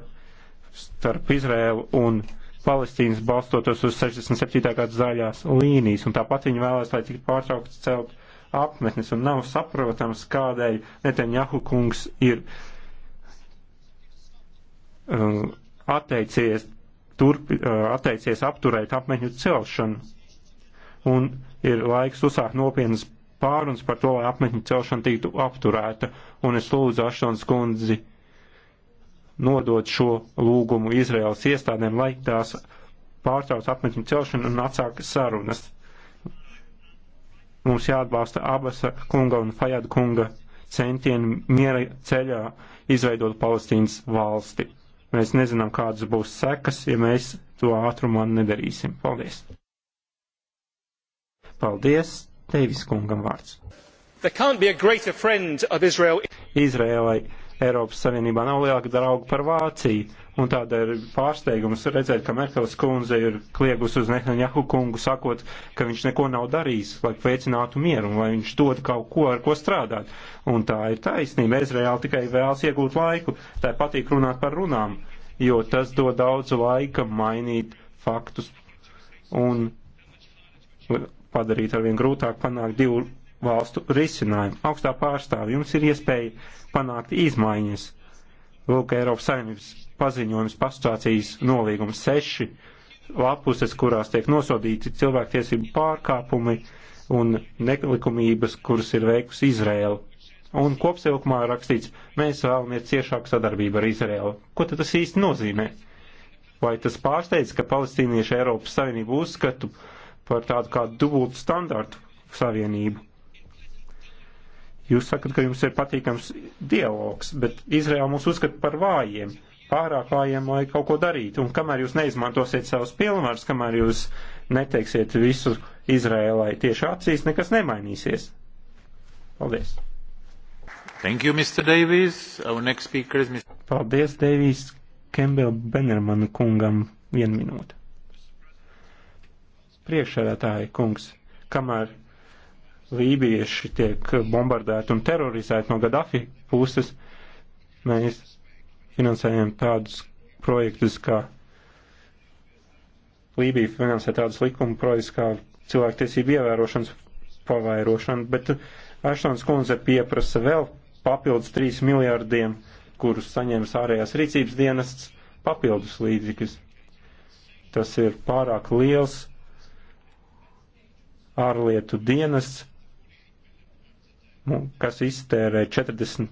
starp Izrēlu un Palestīnas balstoties uz 67. gada zaļās līnijas, un tāpat viņi vēlēs, lai tiktu pārtraukts celt apmetnes un nav saprotams, kādēļ Netanjahu kungs ir uh, atteicies, turpi, uh, atteicies apturēt apmetņu celšanu un ir laiks uzsākt nopietnas pārunas par to, lai apmetņu celšana tiktu apturēta, un es lūdzu Ašons kundzi nodot šo lūgumu Izraels iestādēm, lai tās pārtrauc apmetņu celšanu un atsāk sarunas. Mums jāatbalsta abas kunga un Fajad kunga centieni miera ceļā izveidot Palestīnas valsti. Mēs nezinām, kādas būs sekas, ja mēs to ātrumā nedarīsim. Paldies! Paldies! Teivis kungam vārds. Izrēlai Eiropas Savienībā nav lielāka drauga par Vāciju, un tāda ir pārsteigums redzēt, ka Merkels kundze ir kliegus uz Nehaņahu kungu, sakot, ka viņš neko nav darījis, lai veicinātu mieru, un lai viņš dod kaut ko, ar ko strādāt. Un tā ir taisnība. Izraēla tikai vēlas iegūt laiku, tā patīk runāt par runām, jo tas dod daudz laika mainīt faktus un padarīt arvien grūtāk panākt divu valstu risinājumu. Augstā pārstāvja jums ir iespēja panākt izmaiņas. Lūk, Eiropas Savienības paziņojums pastrācijas nolīgums seši lapuses, kurās tiek nosodīti cilvēktiesību pārkāpumi un neklikumības, kuras ir veikusi Izrēla. Un kopsilkumā rakstīts, mēs vēlamies ciešāku sadarbību ar Izrēlu. Ko tad tas īsti nozīmē? Vai tas pārsteidz, ka palestīnieši Eiropas Savienību uzskatu par tādu kā dubultu standartu savienību? Jūs sakat, ka jums ir patīkams dialogs, bet Izraēla mūs uzskata par vājiem, pārāk vājiem, lai kaut ko darītu. Un kamēr jūs neizmantosiet savus pilnvarus, kamēr jūs neteiksiet visu Izraēlai tieši acīs, nekas nemainīsies. Paldies! Thank you, Mr. Davies. Our next speaker is Mr. Paldies, Davies. Kembel Benermanu kungam vienu minūtu. Priekšsēdētāji kungs, kamēr lībieši tiek bombardēti un terorizēti no Gaddafi puses, mēs finansējam tādus projektus, kā Lībija finansē tādus likuma projektus, kā cilvēktiesību ievērošanas pavairošana, bet Aštons kundze pieprasa vēl papildus 3 miljārdiem, kurus saņems ārējās rīcības dienests papildus līdzekļus. Tas ir pārāk liels ārlietu dienests, Nu, kas iztērē 40,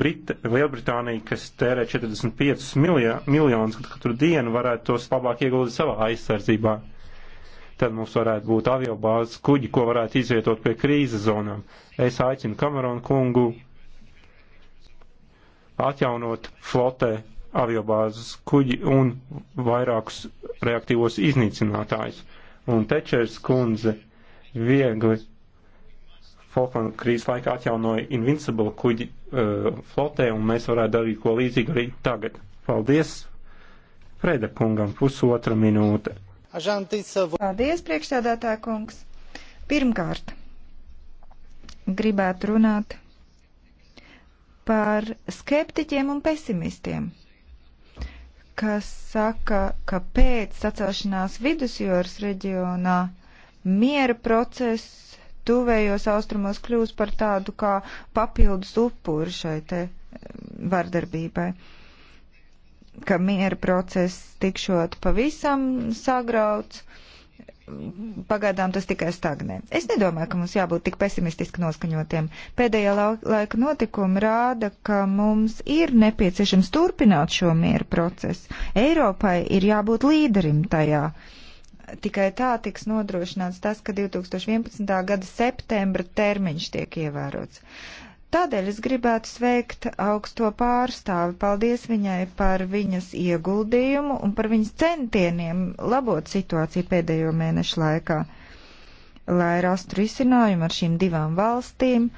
Brit, Lielbritānija, kas tērē 45 miljonus katru dienu, varētu tos labāk ieguldīt savā aizsardzībā. Tad mums varētu būt aviobāzes kuģi, ko varētu izvietot pie krīzes zonām. Es aicinu Kameronu kungu atjaunot flotē aviobāzes kuģi un vairākus reaktīvos iznīcinātājus. Un Tečers kundze viegli Falklandu krīzes laikā atjaunoja Invincible kuģi uh, flotē, un mēs varētu darīt ko līdzīgu arī tagad. Paldies Freda kungam, pusotra minūte. Paldies, priekšstādātā kungs. Pirmkārt, gribētu runāt par skeptiķiem un pesimistiem, kas saka, ka pēc sacelšanās vidusjūras reģionā miera process tuvējos austrumos kļūs par tādu kā papildus upuri šai te vardarbībai ka miera process tikšot pavisam sagrauts. Pagaidām tas tikai stagnē. Es nedomāju, ka mums jābūt tik pesimistiski noskaņotiem. Pēdējā laika notikuma rāda, ka mums ir nepieciešams turpināt šo miera procesu. Eiropai ir jābūt līderim tajā. Uh, Tikai tā tiks nodrošināts tas, ka 2011. gada septembra termiņš tiek ievērots. Tādēļ es gribētu sveikt augsto pārstāvi. Paldies viņai par viņas ieguldījumu un par viņas centieniem labot situāciju pēdējo mēnešu laikā, lai rastu risinājumu ar šīm divām valstīm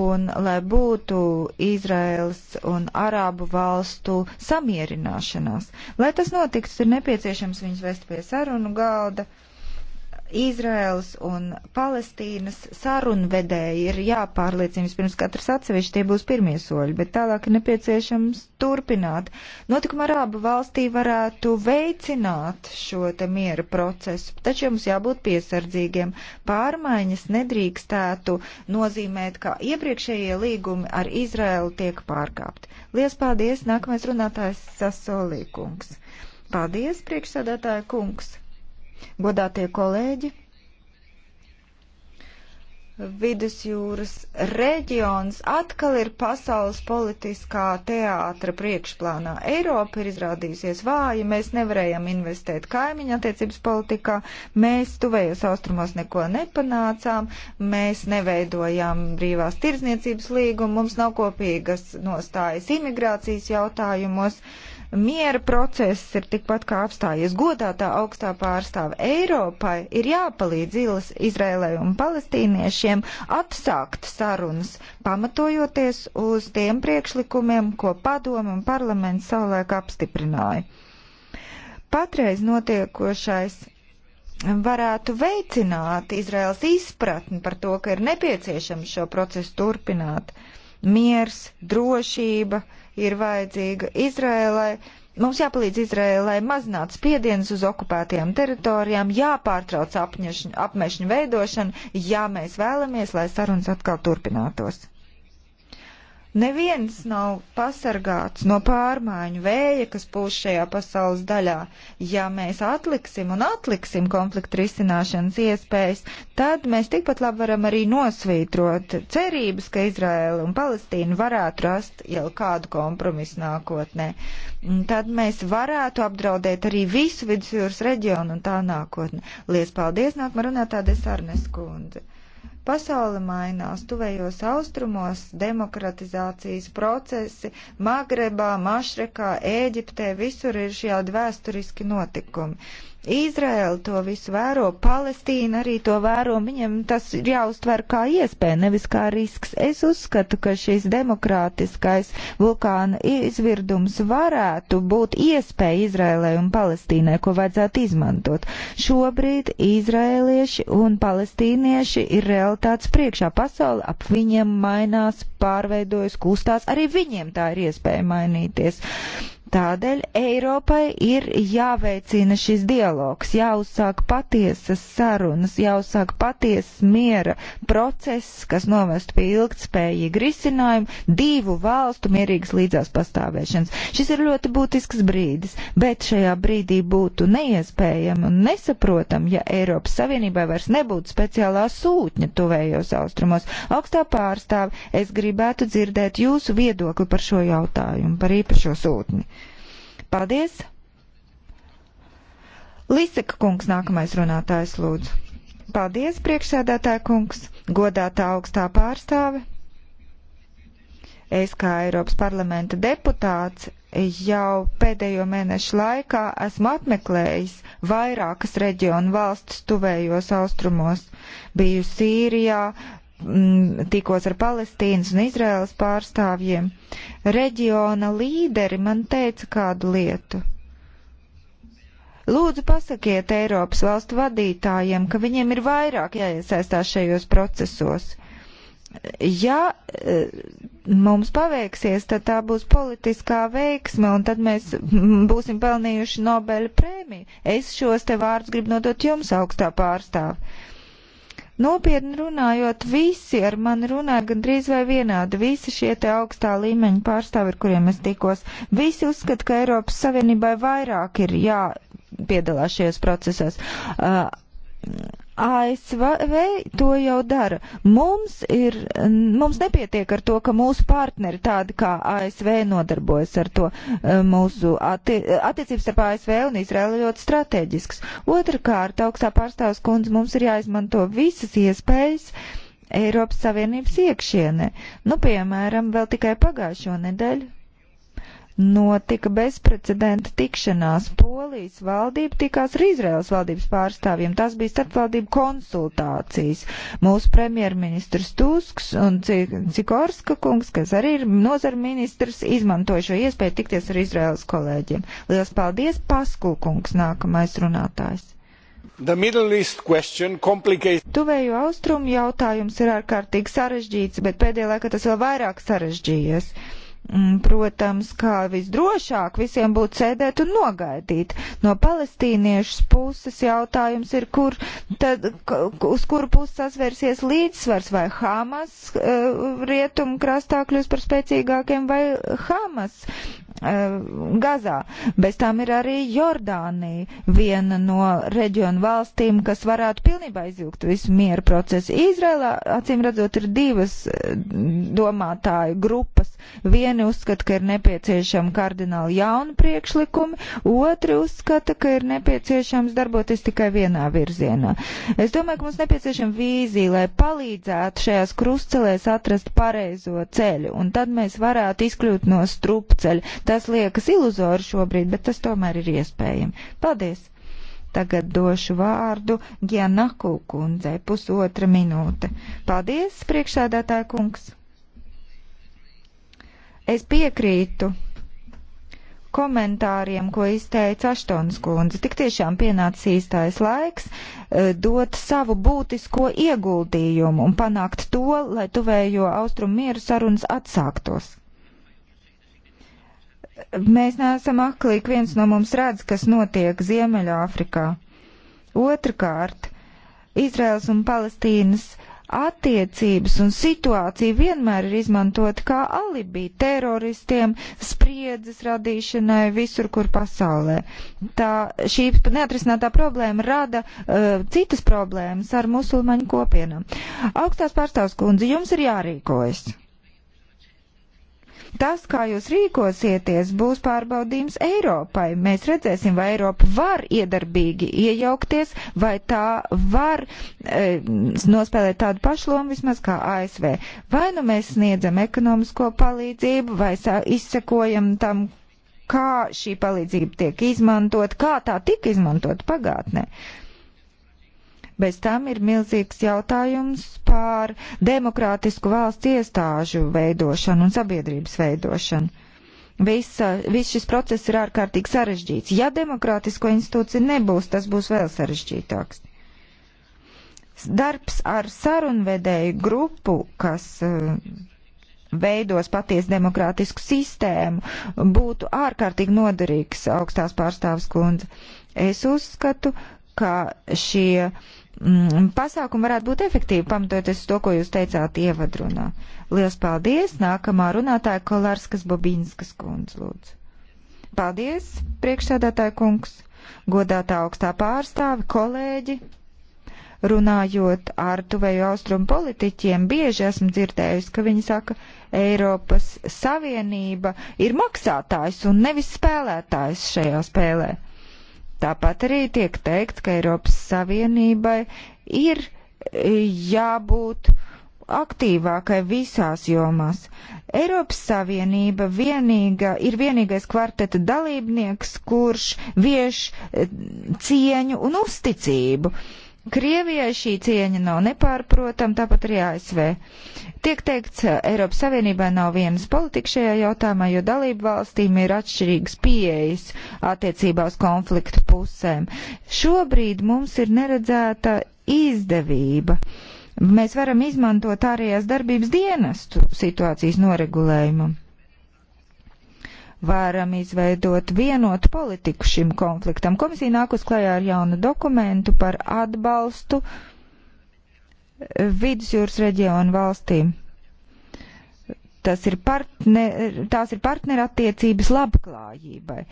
un lai būtu Izraels un Arābu valstu samierināšanās. Lai tas notiktu, ir nepieciešams viņus vest pie sarunu galda Izraels un Palestīnas sarunvedēji ir jāpārliecina vispirms katrs atsevišķi, tie būs pirmie soļi, bet tālāk ir nepieciešams turpināt. Notikuma Arābu valstī varētu veicināt šo te miera procesu, taču mums jābūt piesardzīgiem. Pārmaiņas nedrīkstētu nozīmēt, ka iepriekšējie līgumi ar Izraelu tiek pārkāpti. Lies paldies, nākamais runātājs Sasolīkungs. Paldies, priekšsādātāja kungs! godātie kolēģi. Vidusjūras reģions atkal ir pasaules politiskā teātra priekšplānā. Eiropa ir izrādījusies vāja, mēs nevarējām investēt kaimiņa attiecības politikā, mēs tuvējos austrumos neko nepanācām, mēs neveidojām brīvās tirdzniecības līgumu, mums nav kopīgas nostājas imigrācijas jautājumos. Uh, Miera process ir tikpat kā apstājies. Godātā augstā pārstāve Eiropai ir jāpalīdz Izrēlai un palestīniešiem atsākt sarunas, pamatojoties uz tiem priekšlikumiem, ko padomu un parlaments savulaik apstiprināja. Patreiz notiekošais varētu veicināt Izraels izpratni par to, ka ir nepieciešams šo procesu turpināt. Miers, drošība, ir vajadzīga Izrēlai. Mums jāpalīdz Izrēlai mazināt spiedienus uz okupētajām teritorijām, jāpārtrauc apmešņu veidošanu, ja mēs vēlamies, lai sarunas atkal turpinātos. Neviens nav pasargāts no pārmaiņu vēja, kas pūš šajā pasaules daļā. Ja mēs atliksim un atliksim konfliktu risināšanas iespējas, tad mēs tikpat labi varam arī nosvītrot cerības, ka Izraela un Palestīna varētu rast jau kādu kompromisu nākotnē. Tad mēs varētu apdraudēt arī visu vidusjūras reģionu un tā nākotni. Lies paldies, nākamā runātā Desarnes kundze. Pasaule mainās, tuvējos austrumos demokratizācijas procesi, Magrebā, Mašrekā, Ēģiptē, visur ir šie vēsturiski notikumi. Izraela to visu vēro, Palestīna arī to vēro, viņiem tas ir jāuztver kā iespēja, nevis kā risks. Es uzskatu, ka šis demokrātiskais vulkāna izvirdums varētu būt iespēja Izraelai un Palestīnai, ko vajadzētu izmantot. Šobrīd izraelieši un palestīnieši ir realitātes priekšā. Pasaule ap viņiem mainās, pārveidojas, kustās. Arī viņiem tā ir iespēja mainīties. Tādēļ Eiropai ir jāveicina šis dialogs, jāuzsāk patiesas sarunas, jāuzsāk patiesas miera process, kas novest pie ilgtspējīga risinājuma divu valstu mierīgas līdzās pastāvēšanas. Šis ir ļoti būtisks brīdis, bet šajā brīdī būtu neiespējami un nesaprotami, ja Eiropas Savienībai vairs nebūtu speciālā sūtņa tuvējos austrumos. Augstā pārstāve, es gribētu dzirdēt jūsu viedokli par šo jautājumu, par īpašo sūtni. Paldies! Liseka kungs nākamais runātājs lūdzu. Paldies, priekšsēdētāja kungs, godātā augstā pārstāve. Es kā Eiropas parlamenta deputāts jau pēdējo mēnešu laikā esmu apmeklējis vairākas reģionu valstis tuvējos austrumos. Biju Sīrijā, Mm, tikos ar Palestīnas un Izraēlas pārstāvjiem, reģiona līderi man teica kādu lietu. Lūdzu, pasakiet Eiropas valstu vadītājiem, ka viņiem ir vairāk jāiesaistās šajos procesos. Ja e, mums paveiksies, tad tā būs politiskā veiksme, un tad mēs būsim pelnījuši Nobeļa prēmiju. Es šos te vārdus gribu nodot jums, augstā pārstāve Nopietni runājot, visi ar mani runāja gandrīz vai vienādi. Visi šie te augstā līmeņa pārstāvi, ar kuriem es tikos, visi uzskata, ka Eiropas Savienībai vairāk ir jāpiedalās šajos procesos. Uh, ASV to jau dara. Mums, ir, mums nepietiek ar to, ka mūsu partneri tādi kā ASV nodarbojas ar to. E, mūsu atti, attiecības ar ASV un Izraēlu ļoti strateģisks. Otrakārt, augstā pārstāvs kundze, mums ir jāizmanto visas iespējas. Eiropas Savienības iekšienē. Nu, piemēram, vēl tikai pagājušo nedēļu notika bezprecedenta tikšanās. Polijas valdība tikās ar Izraels valdības pārstāvjiem. Tās bija starpvaldību konsultācijas. Mūsu premjerministrs Tusks un Cikorska kungs, kas arī ir nozara ministrs, izmantoja šo iespēju tikties ar Izraels kolēģiem. Lielas paldies, Pasku kungs, nākamais runātājs. Tuvējo austrumu jautājums ir ārkārtīgi sarežģīts, bet pēdējā laikā tas vēl vairāk sarežģījies. Mm, protams, kā visdrošāk visiem būtu sēdēt un nogaidīt. No palestīniešu puses jautājums ir, kur tad, uz kuru pusi sasvērsies līdzsvars, vai Hamas uh, rietumu krastā kļūs par spēcīgākiem, vai Hamas uh, Gazā. Bez tām ir arī Jordānija, viena no reģionu valstīm, kas varētu pilnībā izjūgt visu mieru procesu. Izrēlā, acīm redzot, ir divas e, domātāju grupas. Viena Vieni uzskata, ka ir nepieciešama kardināli jauna priekšlikumi, otri uzskata, ka ir nepieciešams darboties tikai vienā virzienā. Es domāju, ka mums nepieciešama vīzija, lai palīdzētu šajās krustcelēs atrast pareizo ceļu, un tad mēs varētu izkļūt no strupceļa. Tas liekas iluzori šobrīd, bet tas tomēr ir iespējami. Paldies! Tagad došu vārdu Gianaku kundzei pusotra minūte. Paldies, priekšsādātāja kungs! Es piekrītu komentāriem, ko izteica Aštons kundze. Tik tiešām pienācis īstais laiks uh, dot savu būtisko ieguldījumu un panākt to, lai tuvējo austrumu mieru sarunas atsāktos. Mēs neesam aklīgi, viens no mums redz, kas notiek Ziemeļāfrikā. Otrakārt, Izraels un Palestīnas uh, attiecības un situācija vienmēr ir izmantota kā alibi teroristiem, spriedzes radīšanai visur, kur pasaulē. Tā šī neatrisinātā problēma rada uh, citas problēmas ar musulmaņu kopienām. Augstās pārstāvs kundze, jums ir jārīkojas. Tas, kā jūs rīkosieties, būs pārbaudījums Eiropai. Mēs redzēsim, vai Eiropa var iedarbīgi iejaukties, vai tā var e, nospēlēt tādu pašlomu vismaz kā ASV. Vai nu mēs sniedzam ekonomisko palīdzību, vai izsekojam tam, kā šī palīdzība tiek izmantot, kā tā tika izmantot pagātnē. Ne? Bez tam ir milzīgs jautājums pār demokrātisku valsts iestāžu veidošanu un sabiedrības veidošanu. Visa, viss šis process ir ārkārtīgi sarežģīts. Ja demokrātisko institūciju nebūs, tas būs vēl sarežģītāks darbs ar sarunvedēju grupu, kas eh, veidos patiesu demokrātisku sistēmu, būtu ārkārtīgi noderīgs augstās pārstāvs kundze. Es uzskatu, ka šie uh, mm, pasākumi varētu būt efektīvi, pamatojoties uz to, ko jūs teicāt ievadrunā. Lielas paldies! Nākamā runātāja Kolārskas Bobīnskas kundze, lūdzu. Paldies, priekšsēdētāja kungs, godātā augstā pārstāve, kolēģi! runājot ar tuvēju austrumu politiķiem, bieži esmu dzirdējusi, ka viņi saka, Eiropas Savienība ir maksātājs un nevis spēlētājs šajā spēlē. Tāpat arī tiek teikt, ka Eiropas Savienībai ir e, jābūt aktīvākai visās jomās. Eiropas Savienība vienīga, ir vienīgais kvarteta dalībnieks, kurš vieš e, cieņu un uzticību. Uh, Krievijai šī cieņa nav nepārprotama, tāpat arī ASV. Tiek teikts, Eiropas Savienībai nav vienas politikas šajā jautājumā, jo dalību valstīm ir atšķirīgas pieejas attiecībā uz konfliktu pusēm. Šobrīd mums ir neredzēta izdevība. Mēs varam izmantot ārējās darbības dienestu situācijas noregulējumam varam izveidot vienotu politiku šim konfliktam. Komisija nāk uz klajā ar jaunu dokumentu par atbalstu vidusjūras reģionu valstīm. Tas ir partner, tās ir partnerattiecības labklājībai.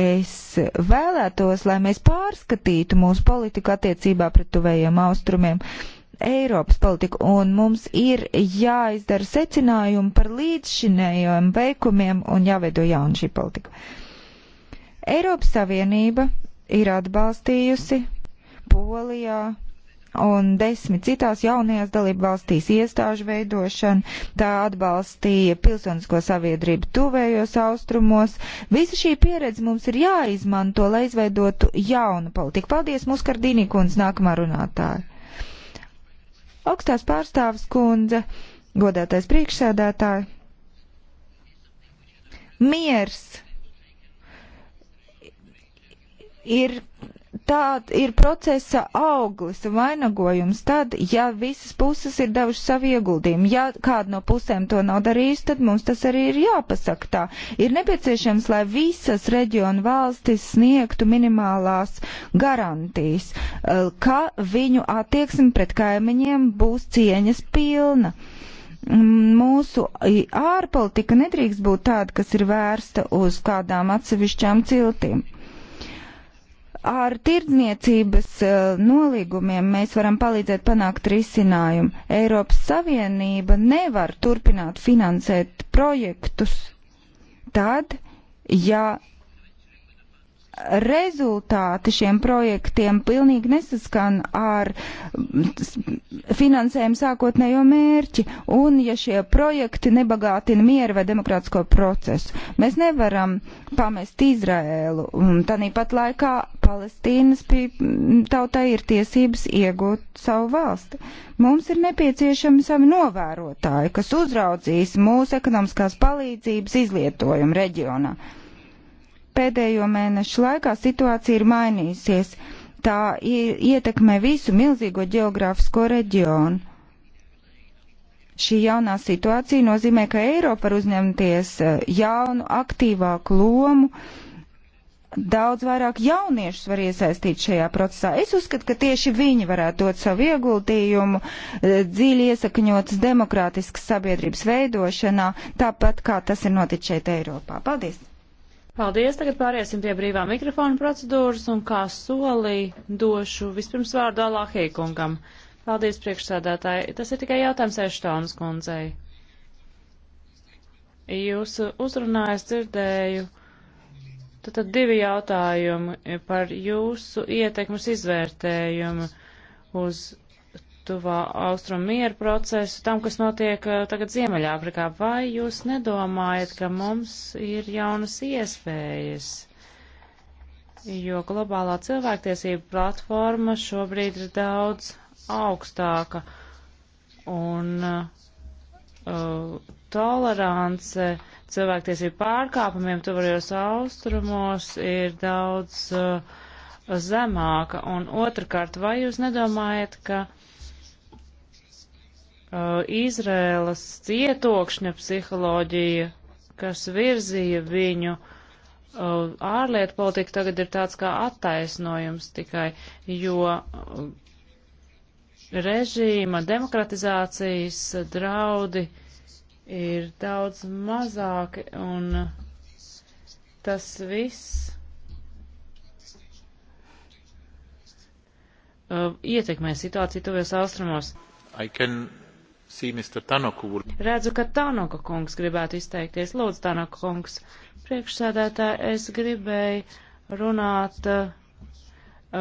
Es vēlētos, lai mēs pārskatītu mūsu politiku attiecībā pret tuvējiem austrumiem. Uh, Eiropas politiku, un mums ir jāizdara secinājumi par līdzšinējiem veikumiem un jāveido jauna šī politika. Eiropas Savienība ir atbalstījusi Polijā un desmit citās jaunajās dalību valstīs iestāžu veidošanu, tā atbalstīja pilsonisko saviedrību tuvējos austrumos. Visa šī pieredze mums ir jāizmanto, lai izveidotu jaunu politiku. Paldies, Muskardīnī kundze, nākamā runātāja. Augstās pārstāvs kundze, godātais priekšsēdētāji, miers ir tā ir procesa auglis un vainagojums tad, ja visas puses ir devušas savu ieguldījumu. Ja kāda no pusēm to nav darījusi, tad mums tas arī ir jāpasaka tā. Ir nepieciešams, lai visas reģionu valstis sniegtu minimālās garantijas, eh, ka viņu attieksme pret kaimiņiem būs cieņas pilna mūsu ārpolitika nedrīkst būt tāda, kas ir vērsta uz kādām atsevišķām ciltīm. Ar tirdzniecības eh, nolīgumiem mēs varam palīdzēt panākt risinājumu. Eiropas Savienība nevar turpināt finansēt projektus tad, ja rezultāti šiem projektiem pilnīgi nesaskan ar finansējumu sākotnējo mērķi, un ja šie projekti nebagātina mieru vai demokrātisko procesu. Mēs nevaram pamest Izraēlu, un tāpat laikā Palestīnas tautai ir tiesības iegūt savu valsti. Mums ir nepieciešami savi novērotāji, kas uzraudzīs mūsu ekonomiskās palīdzības izlietojumu reģionā. Pēdējo mēnešu laikā situācija ir mainījusies. Tā ietekmē visu milzīgo geogrāfisko reģionu. Šī jaunā situācija nozīmē, ka Eiropa var uzņemties eh, jaunu, aktīvāku lomu, daudz vairāk jauniešus var iesaistīt šajā procesā. Es uzskatu, ka tieši viņi varētu dot savu ieguldījumu eh, dziļi iesakņotas demokrātiskas sabiedrības veidošanā, tāpat kā tas ir noticis šeit Eiropā. Paldies! Paldies, tagad pāriesim pie brīvā mikrofona procedūras un kā solī došu vispirms vārdu Alāhī kungam. Paldies, priekšsādātāji. Tas ir tikai jautājums Eštonas kundzei. Jūsu uzrunājas dzirdēju. Tad, tad divi jautājumi par jūsu ietekmes izvērtējumu uz tuvā austrumu mieru procesu, tam, kas notiek eh, tagad Ziemeļāfrikā. Vai jūs nedomājat, ka mums ir jaunas iespējas? Jo globālā cilvēktiesība platforma šobrīd ir daudz augstāka un uh, tolerance cilvēktiesību pārkāpumiem tuvajos austrumos ir daudz uh, zemāka. Un otrkārt, vai jūs nedomājat, ka uh, Uh, Izrēlas cietokšņa psiholoģija, kas virzīja viņu uh, ārlietu politika, tagad ir tāds kā attaisnojums tikai, jo uh, režīma demokratizācijas draudi ir daudz mazāki un tas viss ietekmē situāciju tuvies austrumos. I can Redzu, ka Tanoka kungs gribētu izteikties. Lūdzu, Tanoka kungs, priekšsēdētāji, es gribēju runāt uh,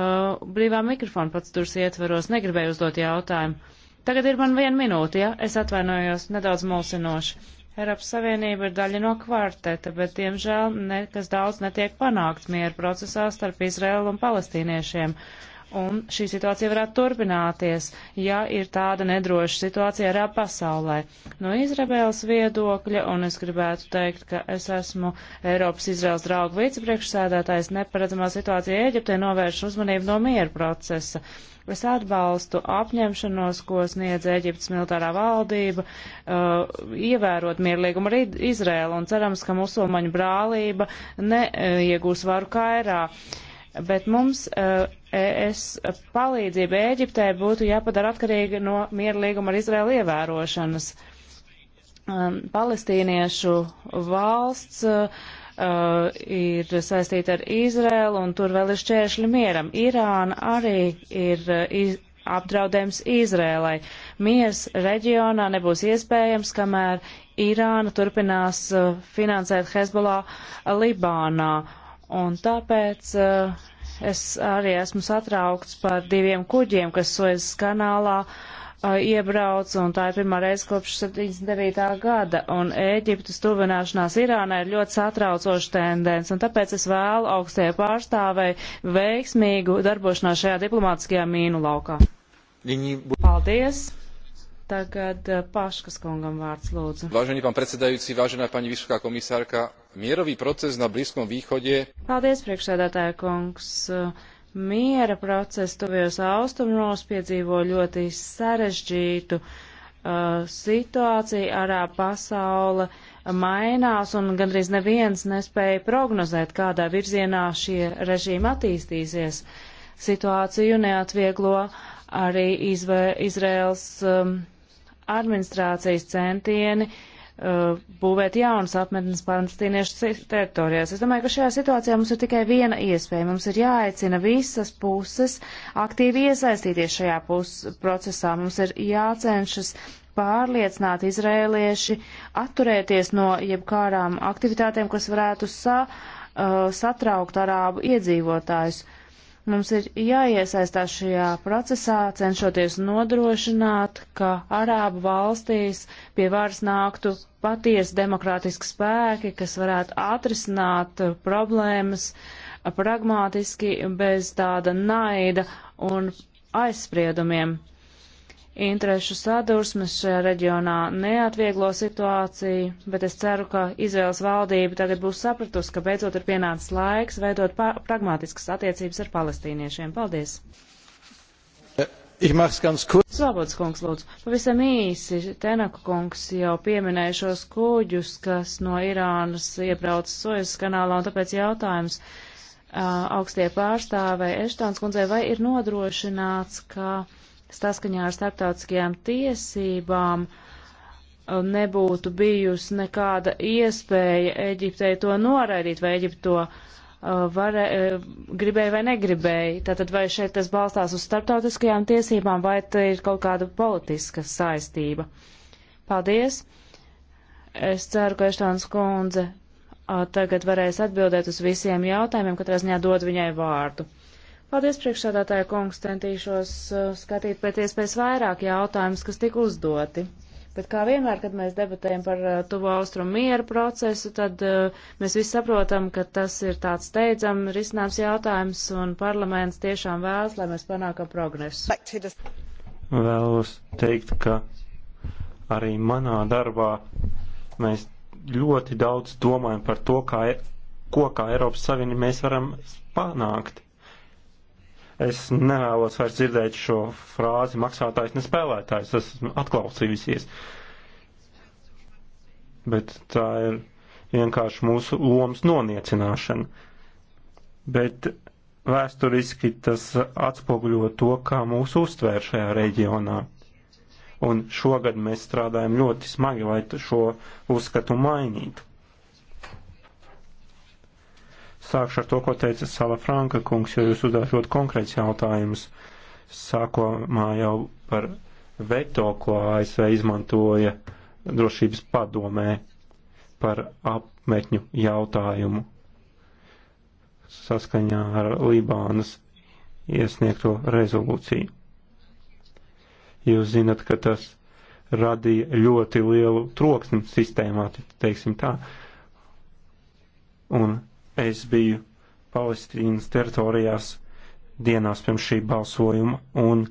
uh brīvā mikrofona pats turs ietvaros, negribēju uzdot jautājumu. Tagad ir man viena minūte, ja? Es atvainojos, nedaudz mulsinoši. Eiropas Savienība ir daļa no kvarteta, bet, diemžēl, nekas daudz netiek panākts mieru procesā starp Izraēlu un palestīniešiem. Uh, un šī situācija varētu turpināties, ja ir tāda nedroša situācija arā pasaulē. No Izraēlas viedokļa, un es gribētu teikt, ka es esmu Eiropas Izraels draugu vicepriekšsēdētājs, neparedzamā situācija Ēģiptē novērš uzmanību no miera procesa. Es atbalstu apņemšanos, ko sniedz Ēģiptes militārā valdība, uh, ievērot mierlīgumu ar Izraēlu un cerams, ka musulmaņu brālība neiegūs uh, varu kairā. Uh, bet mums ES eh, e palīdzība Ēģiptē būtu jāpadara atkarīga no miera līguma ar Izraēlu ievērošanas. Um, palestīniešu valsts eh, ir saistīta ar Izraēlu un tur vēl ir šķēršļi mieram. Irāna arī ir eh, apdraudējums Izrēlai. Miers reģionā nebūs iespējams, kamēr Irāna turpinās finansēt Hezbollah Libānā Un tāpēc uh, es arī esmu satraukts par diviem kuģiem, kas Suezes kanālā uh, iebrauc, un tā ir pirmā reize kopš 79. gada, un Ēģiptes tuvināšanās Irānai ir ļoti satraucoša tendence, un tāpēc es vēlu augstajai pārstāvei veiksmīgu darbošanās šajā diplomātiskajā mīnu laukā. Paldies! Tagad eh, Paškas kungam vārds lūdzu. Vážený pán predsedajúci, vážená pani vysoká komisárka, mierový proces na Blízkom východe. Paldies, priekšsēdētāja kungs. Miera process tuvijos austrumos piedzīvo ļoti sarežģītu uh, situāciju arā pasaule mainās un gandrīz neviens nespēja prognozēt, kādā virzienā šie režīmi attīstīsies. Situāciju neatvieglo arī Izraels um, administrācijas centieni uh, būvēt jaunas apmetnes palestīniešu teritorijās. Es domāju, ka šajā situācijā mums ir tikai viena iespēja. Mums ir jāaicina visas puses aktīvi iesaistīties šajā pus procesā. Mums ir jācenšas pārliecināt izrēlieši atturēties no jebkādām aktivitātēm, kas varētu sa, uh, satraukt arābu iedzīvotājus. Uh, Mums ir jāiesaistās šajā procesā, cenšoties nodrošināt, ka Arābu valstīs pie varas nāktu patiesi demokrātiski spēki, kas varētu atrisināt problēmas pragmātiski bez tāda naida un aizspriedumiem. Interešu sadursmes šajā reģionā neatvieglo situāciju, bet es ceru, ka Izraels valdība tagad būs sapratusi, ka beidzot ir pienācis laiks veidot pragmatiskas attiecības ar palestīniešiem. Paldies! Eh, Svobods kungs, lūdzu. Pavisam īsi, Tenaka kungs jau pieminēja šos kuģus, kas no Irānas iebrauc Sojas kanālā, un tāpēc jautājums uh, augstie pārstāvēji Eštons kundzei, vai ir nodrošināts, ka. Kā saskaņā ar starptautiskajām tiesībām um, nebūtu bijusi nekāda iespēja Eģiptei to noraidīt, vai Eģipte to uh, varē, uh, gribēja vai negribēja. Tātad vai šeit tas balstās uz starptautiskajām tiesībām, vai te ir kaut kāda politiska saistība. Paldies! Es ceru, ka Eštāns kundze uh, tagad varēs atbildēt uz visiem jautājumiem, katrā ziņā dod viņai vārdu. Paldies, priekšsādātāja kungs, centīšos uh, skatīt pēc iespējas vairāk jautājumus, kas tika uzdoti. Bet kā vienmēr, kad mēs debatējam par uh, tuvo austrumu mieru procesu, tad uh, mēs visi saprotam, ka tas ir tāds steidzam risināms jautājums un parlaments tiešām vēlas, lai mēs panākam progresu. Vēlos teikt, ka arī manā darbā mēs ļoti daudz domājam par to, kā, e, ko kā Eiropas Savienība mēs varam panākt Es nevēlos vairs dzirdēt šo frāzi maksātājs ne spēlētājs, es esmu atklausījusies. Bet tā ir vienkārši mūsu lomas noniecināšana. Bet vēsturiski tas atspoguļo to, kā mūs uztvēr šajā reģionā. Un šogad mēs strādājam ļoti smagi, lai šo uzskatu mainītu. Sākšu ar to, ko teica Sala Franka kungs, jo jūs uzdevāt ļoti konkrēts jautājumus. Sākumā jau par veto, ko ASV izmantoja drošības padomē par apmetņu jautājumu saskaņā ar Libānas iesniegto rezolūciju. Jūs zinat, ka tas radīja ļoti lielu troksni sistēmā, teiksim tā. Un Es biju Palestīnas teritorijās dienās pirms šī balsojuma, un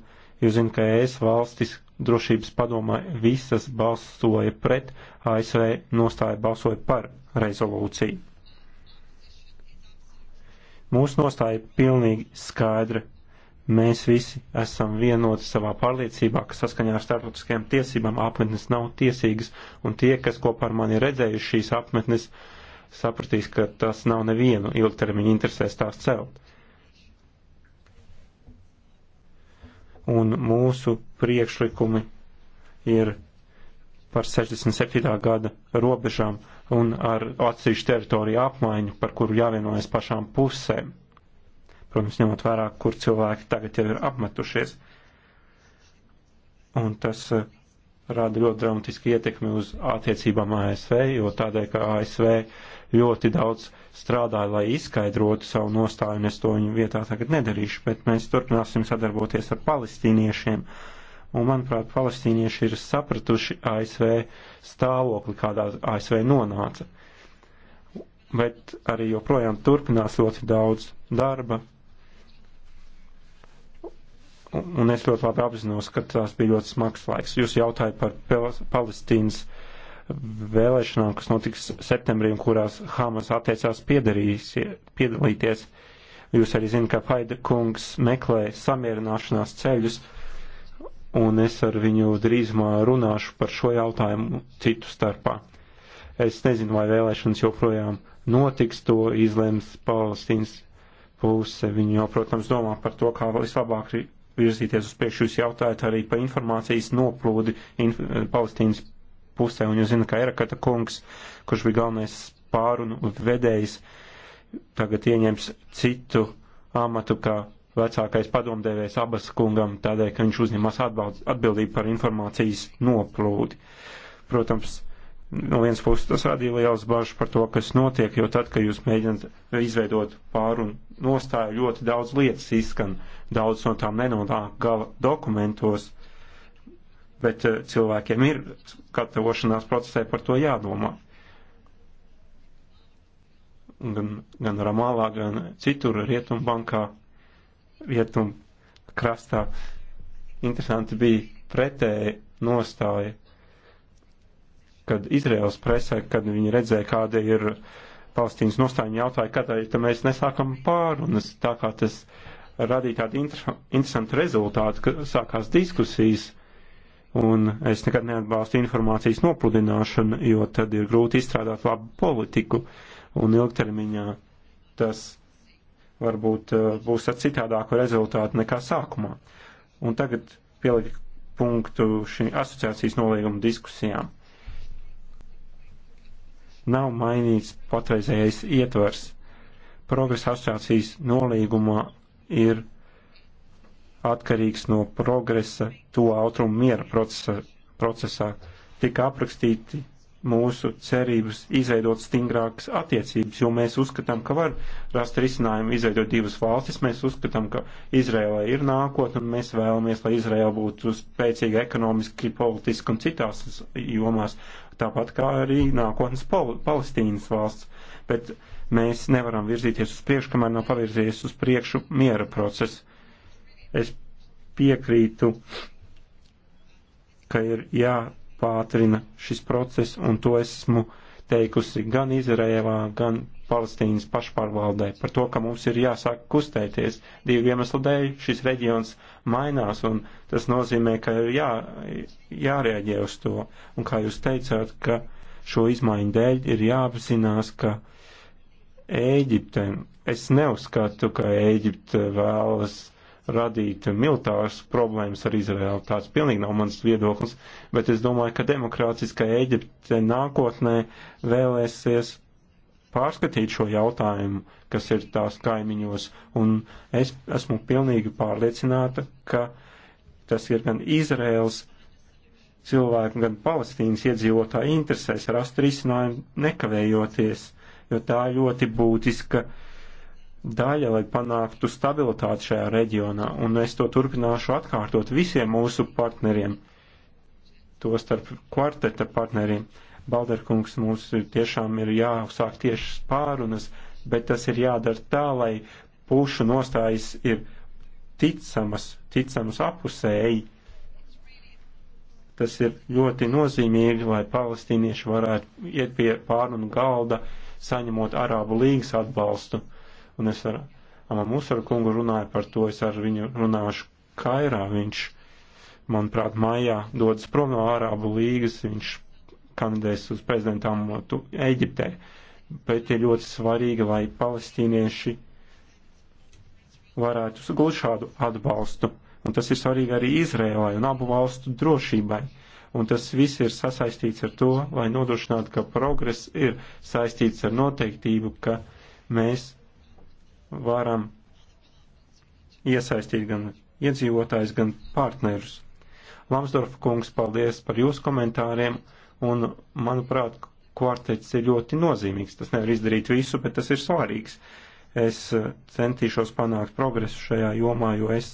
jūs zināt, ka es valstis drošības padomā visas balsoja pret, ASV nostāja balsoja par rezolūciju. Mūsu nostāja ir pilnīgi skaidra. Mēs visi esam vienoti savā pārliecībā, ka saskaņā ar starptautiskajām tiesībām apmetnes nav tiesīgas, un tie, kas kopā ar mani redzējuši šīs apmetnes, uh, sapratīs, ka tas nav nevienu ilgtermiņu interesēs tās celt. Un mūsu priekšlikumi ir par 67. gada robežām un ar atsevišķu teritoriju apmaiņu, par kuru jāvienojas pašām pusēm. Protams, ņemot vērā, kur cilvēki tagad jau ir apmetušies. Un tas eh, rada ļoti dramatiski ietekmi uz attiecībām ASV, jo tādēļ, ka ASV ļoti daudz strādāju, lai izskaidrotu savu nostāju, un es to viņu vietā tagad nedarīšu, bet mēs turpināsim sadarboties ar palestīniešiem. Un, manuprāt, palestīnieši ir sapratuši ASV stāvokli, kādā ASV nonāca. Bet arī joprojām turpinās ļoti daudz darba, un es ļoti labi apzinos, ka tās bija ļoti smags laiks. Jūs jautājat par Palestīnas vēlēšanām, kas notiks septembrī un kurās Hamas atteicās piedalīties. Jūs arī zināt, ka Faida kungs meklē samierināšanās ceļus, un es ar viņu drīzumā runāšu par šo jautājumu citu starpā. Es nezinu, vai vēlēšanas joprojām notiks, to izlems Palestīnas puse. Viņi jau, protams, domā par to, kā vislabāk virzīties uz priekšu. Jūs jautājat arī par informācijas noplūdi in Palestīnas pusē, un jūs zināt, ka Erakata kungs, kurš bija galvenais pārunu vedējs, tagad ieņems citu amatu kā vecākais padomdevējs abas kungam, tādēļ, ka viņš uzņemas atbildību par informācijas noplūdi. Protams, no vienas puses tas radīja liels bažas par to, kas notiek, jo tad, kad jūs mēģināt izveidot pārunu nostāju, ļoti daudz lietas izskan, daudz no tām nenonāk gala dokumentos bet eh, cilvēkiem ir gatavošanās procesē par to jādomā. Gan, gan Ramālā, gan citur Rietumbankā, Rietum krastā. Interesanti bija pretēji nostāja, kad Izraels presē, kad viņi redzēja, kāda ir Palestīnas nostāja, jautāja, kādēļ mēs nesākam pārunas, tā kā tas radīja tādu inter interesantu rezultātu, ka sākās diskusijas un es nekad neatbalstu informācijas nopludināšanu, jo tad ir grūti izstrādāt labu politiku, un ilgtermiņā tas varbūt eh, būs ar citādāku rezultātu nekā sākumā. Un tagad pielikt punktu šī asociācijas nolīguma diskusijām. Nav mainīts patreizējais ietvers. Progresa asociācijas nolīgumā ir atkarīgs no progresa to austrumu miera procesa, procesā, tika aprakstīti mūsu cerības izveidot stingrākas attiecības, jo mēs uzskatām, ka var rast risinājumu izveidot divas valstis, mēs uzskatām, ka Izrēlē ir nākotne, un mēs vēlamies, lai Izrēla būtu spēcīga ekonomiski, politiski un citās jomās, tāpat kā arī nākotnes pal Palestīnas valsts. Bet mēs nevaram virzīties uz priekšu, kamēr nav pavirzījies uz priekšu miera procesu Es piekrītu, ka ir jāpātrina šis process, un to esmu teikusi gan Izrēlā, gan Palestīnas pašpārvaldē par to, ka mums ir jāsāk kustēties. Divu iemeslu dēļ šis reģions mainās, un tas nozīmē, ka ir jā, jārēģē uz to. Un kā jūs teicāt, ka šo izmaiņu dēļ ir jāapzinās, ka Ēģipte, es neuzskatu, ka Ēģipte vēlas radīt militāras problēmas ar Izraēlu. Tāds pilnīgi nav mans viedoklis, bet es domāju, ka demokrātiskā Eģipte nākotnē vēlēsies pārskatīt šo jautājumu, kas ir tās kaimiņos, un es esmu pilnīgi pārliecināta, ka tas ir gan Izraels cilvēku, gan Palestīnas iedzīvotāju interesēs rast risinājumu nekavējoties, jo tā ļoti būtiska uh, daļa, lai panāktu stabilitāti šajā reģionā, un es to turpināšu atkārtot visiem mūsu partneriem, to starp kvarteta partneriem. Balderkungs mums tiešām ir jāuzsāk tieši spārunas, bet tas ir jādara tā, lai pušu nostājas ir ticamas, ticamas apusēji. Tas ir ļoti nozīmīgi, lai palestīnieši varētu iet pie pārunu galda, saņemot Arābu līgas atbalstu un es ar Alamusaru kungu runāju par to, es ar viņu runāšu Kairā, viņš, manuprāt, maijā dodas prom no Ārābu līgas, viņš kandidēs uz prezidentām motu Eģiptē, bet ir ļoti svarīgi, lai palestīnieši varētu gūt šādu atbalstu. Un tas ir svarīgi arī Izrēlai un abu valstu drošībai. Un tas viss ir sasaistīts ar to, lai nodrošinātu, ka progress ir saistīts ar noteiktību, ka mēs varam iesaistīt gan iedzīvotājs, gan partnerus. Lamsdorfa kungs, paldies par jūsu komentāriem, un, manuprāt, kvartets ir ļoti nozīmīgs. Tas nevar izdarīt visu, bet tas ir svarīgs. Es eh, centīšos panākt progresu šajā jomā, jo es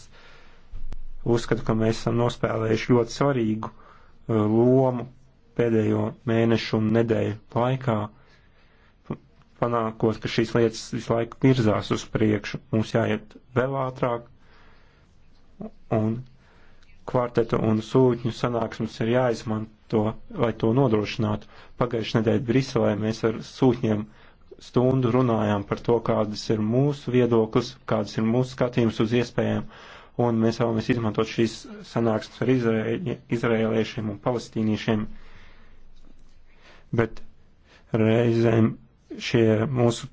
uzskatu, ka mēs esam nospēlējuši ļoti svarīgu eh, lomu pēdējo mēnešu un nedēļu laikā panākot, ka šīs lietas visu laiku virzās uz priekšu. Mums jāiet vēl ātrāk, un kvartetu un sūtņu sanāksmes ir jāizmanto, lai to nodrošinātu. Pagājušajā nedēļā Briselē mēs ar sūtņiem stundu runājām par to, kādas ir mūsu viedoklis, kādas ir mūsu skatījums uz iespējām, un mēs vēlamies izmantot šīs sanāksmes ar izrēļ, izrēliešiem un palestīniešiem. Bet reizēm šie mūsu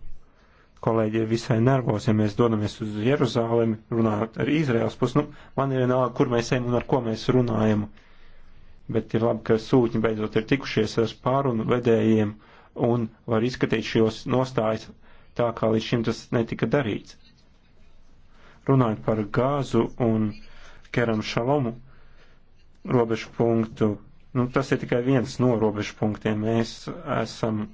kolēģi ir visai nervozi, ja mēs dodamies uz Jeruzālemi, runājot ar Izraels pusi. Nu, man ir vienalga, kur mēs ejam un ar ko mēs runājam. Bet ir labi, ka sūtņi beidzot ir tikušies ar pārunu vedējiem un var izskatīt šos nostājas tā, kā līdz šim tas netika darīts. Runājot par gāzu un keram šalomu robežu punktu, nu, tas ir tikai viens no robežu punktiem. Mēs esam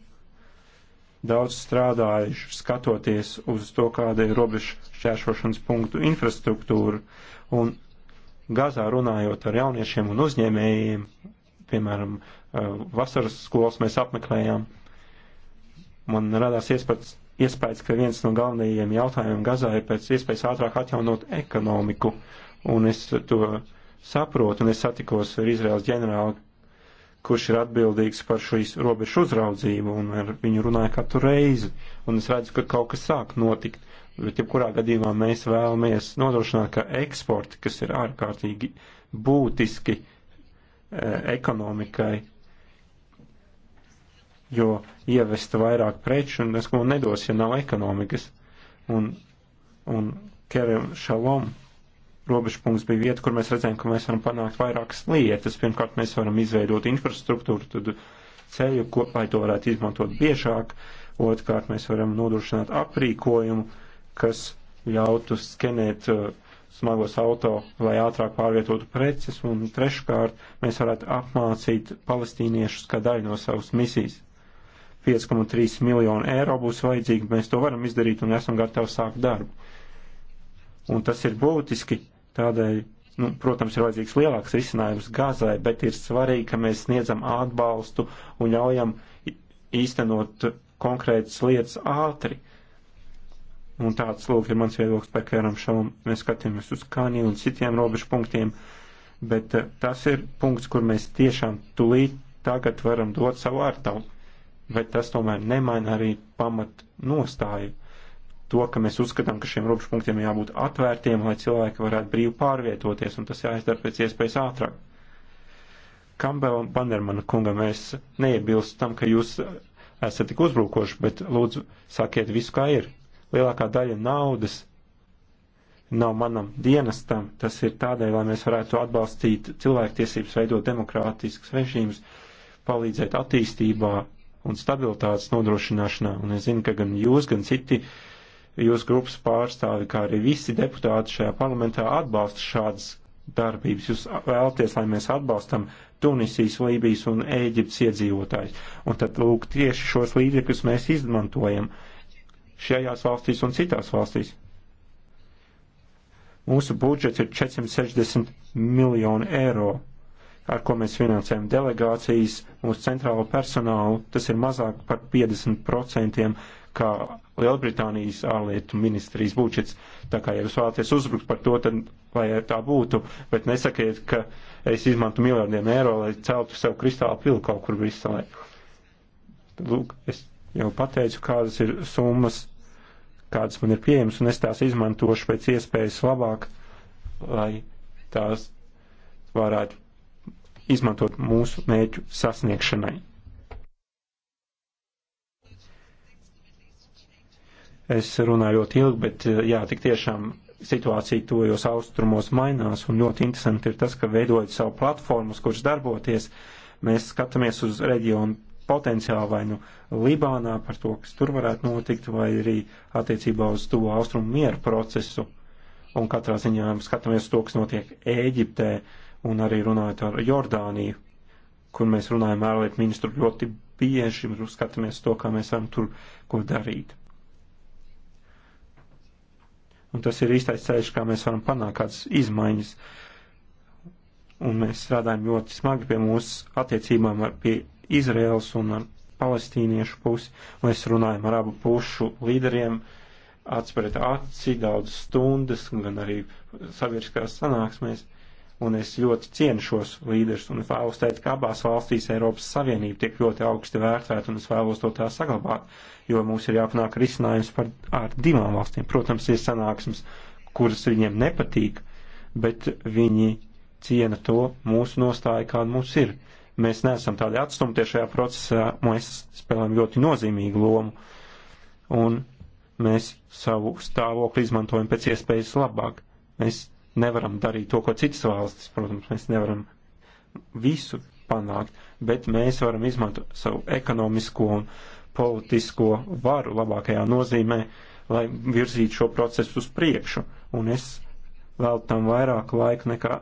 daudz strādājuši, skatoties uz to, kāda ir robežu šķēršošanas punktu infrastruktūra. Un Gazā runājot ar jauniešiem un uzņēmējiem, piemēram, eh, vasaras skolas mēs apmeklējām, man radās iespējas, iespējas, ka viens no galvenajiem jautājumiem Gazā ir pēc iespējas ātrāk atjaunot ekonomiku. Un es to saprotu, un es satikos ar Izraels ģenerālu kurš ir atbildīgs par šīs robežu uzraudzību, un ar viņu runāju katru reizi, un es redzu, ka kaut kas sāk notikt. Bet, ja kurā gadījumā mēs vēlamies nodrošināt, ka eksporti, kas ir ārkārtīgi būtiski e, ekonomikai, jo ievest vairāk preču, un es ko nedos, ja nav ekonomikas. Un, un Kerem Šalom robežu punkts bija vieta, kur mēs redzējām, ka mēs varam panākt vairākas lietas. Pirmkārt, mēs varam izveidot infrastruktūru, tad ceļu, ko, lai to varētu izmantot biežāk. Otrkārt, mēs varam nodrošināt aprīkojumu, kas ļautu skenēt uh, smagos auto, lai ātrāk pārvietotu preces. Un treškārt, mēs varētu apmācīt palestīniešus kā daļu no savas misijas. 5,3 miljonu eiro būs vajadzīgi, mēs to varam izdarīt un esam gatavi sākt darbu. Un tas ir būtiski, Tādēļ, nu, protams, ir vajadzīgs lielāks risinājums Gazai, bet ir svarīgi, ka mēs sniedzam atbalstu un ļaujam īstenot konkrētas lietas ātri. Un tāds, lūk, ir mans viedoklis par Kēram Šalam. Mēs skatāmies uz Kaniju un citiem robežu punktiem, bet eh, tas ir punkts, kur mēs tiešām tulīt tagad varam dot savu ārtavu. Bet tas tomēr nemaina arī pamat nostāju to, ka mēs uzskatām, ka šiem robežpunktiem jābūt atvērtiem, lai cilvēki varētu brīvi pārvietoties, un tas jāizdara pēc iespējas ātrāk. Kambelam Bandermana kungam es neiebilstu tam, ka jūs esat tik uzbrukoši, bet lūdzu sakiet visu, kā ir. Lielākā daļa naudas nav manam dienestam, tas ir tādēļ, lai mēs varētu atbalstīt cilvēktiesības, veidot demokrātisks režīms, palīdzēt attīstībā un stabilitātes nodrošināšanā, un es zinu, ka gan jūs, gan citi uh, jūsu grupas pārstāvi, kā arī visi deputāti šajā parlamentā atbalsta šādas darbības. Jūs vēlaties, lai mēs atbalstam Tunisijas, Lībijas un Ēģiptes iedzīvotājus. Un tad, lūk, tieši šos līdzekļus mēs izmantojam šajās valstīs un citās valstīs. Mūsu budžets ir 460 miljoni eiro, ar ko mēs finansējam delegācijas, mūsu centrālo personālu. Tas ir mazāk par 50% kā Lielbritānijas ārlietu ministrijas būčets. Tā kā ja jūs vēlaties uzbrukt par to, tad lai tā būtu, bet nesakiet, ka es izmantu miljardiem eiro, lai celtu sev kristālu pilu kaut kur Briselē. Lūk, es jau pateicu, kādas ir summas, kādas man ir pieejamas, un es tās izmantošu pēc iespējas labāk, lai tās varētu izmantot mūsu mērķu sasniegšanai. Es runāju ļoti ilgi, bet eh, jā, tik tiešām situācija tojos austrumos mainās, un ļoti interesanti ir tas, ka veidojot savu platformu, kurš darboties, mēs skatāmies uz reģionu potenciāli vai nu Libānā par to, kas tur varētu notikt, vai arī attiecībā uz to austrumu mieru procesu. Un katrā ziņā skatāmies uz to, kas notiek Ēģiptē, un arī runājot ar Jordāniju, kur mēs runājam ārlietu ministru ļoti bieži, un skatāmies to, kā mēs varam tur ko darīt. Un tas ir īstais ceļš, kā mēs varam panākt kādas izmaiņas. Un mēs strādājam ļoti smagi pie mūsu attiecībām ar, pie Izraels un ar palestīniešu pusi. Mēs runājam ar abu pušu līderiem, acis pret aci, daudz stundas, gan arī sabiedriskās sanāksmēs un es ļoti cienu šos līderus, un vēlos teikt, ka abās valstīs Eiropas Savienība tiek ļoti augsti vērtēta, un es vēlos to tā saglabāt, jo mums ir jāpanāk risinājums par, ar divām valstīm. Protams, ir sanāksmes, kuras viņiem nepatīk, bet viņi ciena to mūsu nostāju, kāda mums ir. Mēs neesam tādi atstumti šajā procesā, mēs spēlējam ļoti nozīmīgu lomu, un mēs savu stāvokli izmantojam pēc iespējas labāk. Mēs nevaram darīt to, ko citas valstis, protams, mēs nevaram visu panākt, bet mēs varam izmantot savu ekonomisko un politisko varu labākajā nozīmē, lai virzītu šo procesu uz priekšu. Un es vēl tam vairāk laika nekā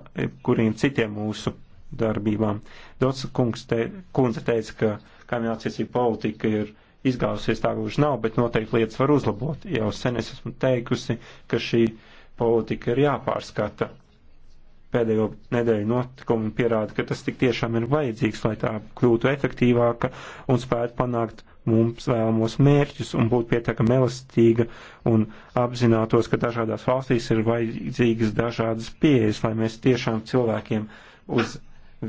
kuriem citiem mūsu darbībām. Daudz kungs te, kundze teica, ka kaimiņācīsība politika ir izgāzusies tā, gluži nav, bet noteikti lietas var uzlabot. Jau sen es esmu teikusi, ka šī uh, politika ir jāpārskata. Pēdējo nedēļu notikumi pierāda, ka tas tik tiešām ir vajadzīgs, lai tā kļūtu efektīvāka un spētu panākt mums vēlamos mērķus un būtu pietiekami elastīga un apzinātos, ka dažādās valstīs ir vajadzīgas dažādas pieejas, lai mēs tiešām cilvēkiem uz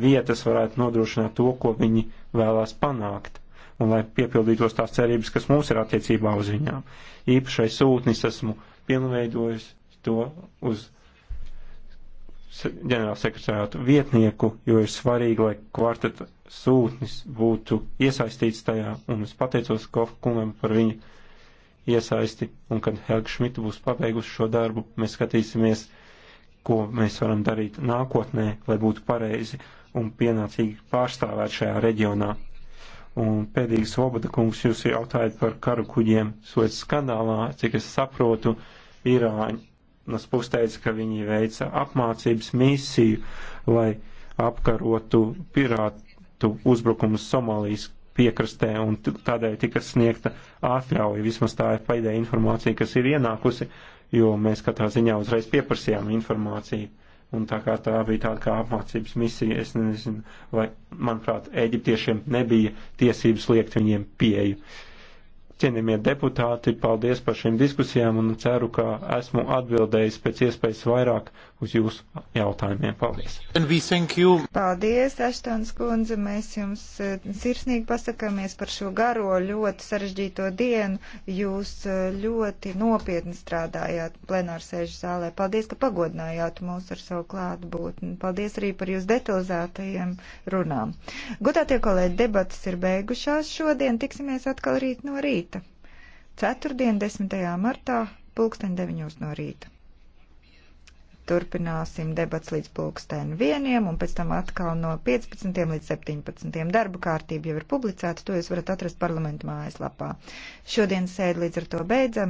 vietas varētu nodrošināt to, ko viņi vēlās panākt un lai piepildītos tās cerības, kas mums ir attiecībā uz viņām. Īpašais sūtnis esmu pilnveidojis to uz ģenerālsekretārātu vietnieku, jo ir svarīgi, lai kvarteta sūtnis būtu iesaistīts tajā, un es pateicos Kofa kungam par viņa iesaisti, un kad Helga Šmita būs pabeigusi šo darbu, mēs skatīsimies, ko mēs varam darīt nākotnē, lai būtu pareizi un pienācīgi pārstāvēt šajā reģionā. Un pēdīgi Svoboda kungs, jūs jautājat par karu kuģiem Suec skandālā, cik es saprotu, Irāņi Nas pusteica, ka viņi veica apmācības misiju, lai apkarotu pirātu uzbrukumus Somālijas piekrastē, un tādēļ tika sniegta atļauja. Vismaz tā ir paidē informācija, kas ir ienākusi, jo mēs katrā ziņā uzreiz pieprasījām informāciju. Un tā kā tā bija tāda kā apmācības misija, es nezinu, vai, manuprāt, eģiptiešiem nebija tiesības liekt viņiem pieeju. Uh, Cienījamie deputāti, paldies par šīm diskusijām un ceru, ka esmu atbildējis pēc iespējas vairāk uz jūsu jautājumiem. Paldies! Paldies, Aštons kundze! Mēs jums eh, sirsnīgi pasakāmies par šo garo, ļoti sarežģīto dienu. Jūs eh, ļoti nopietni strādājāt plenārsēžu zālē. Paldies, ka pagodinājāt mūs ar savu klātbūtni. Paldies arī par jūsu detalizētajiem runām. Godātie kolēģi, debatas ir beigušās. Šodien tiksimies atkal rīt no rīta. Ceturtdien, 10. martā, pulksten 9 no rīta turpināsim debats līdz pulkstēn vieniem un pēc tam atkal no 15. līdz 17. Darba kārtība jau ir publicēta, to jūs varat atrast parlamentu mājaslapā. Šodien sēdi līdz ar to beidzam.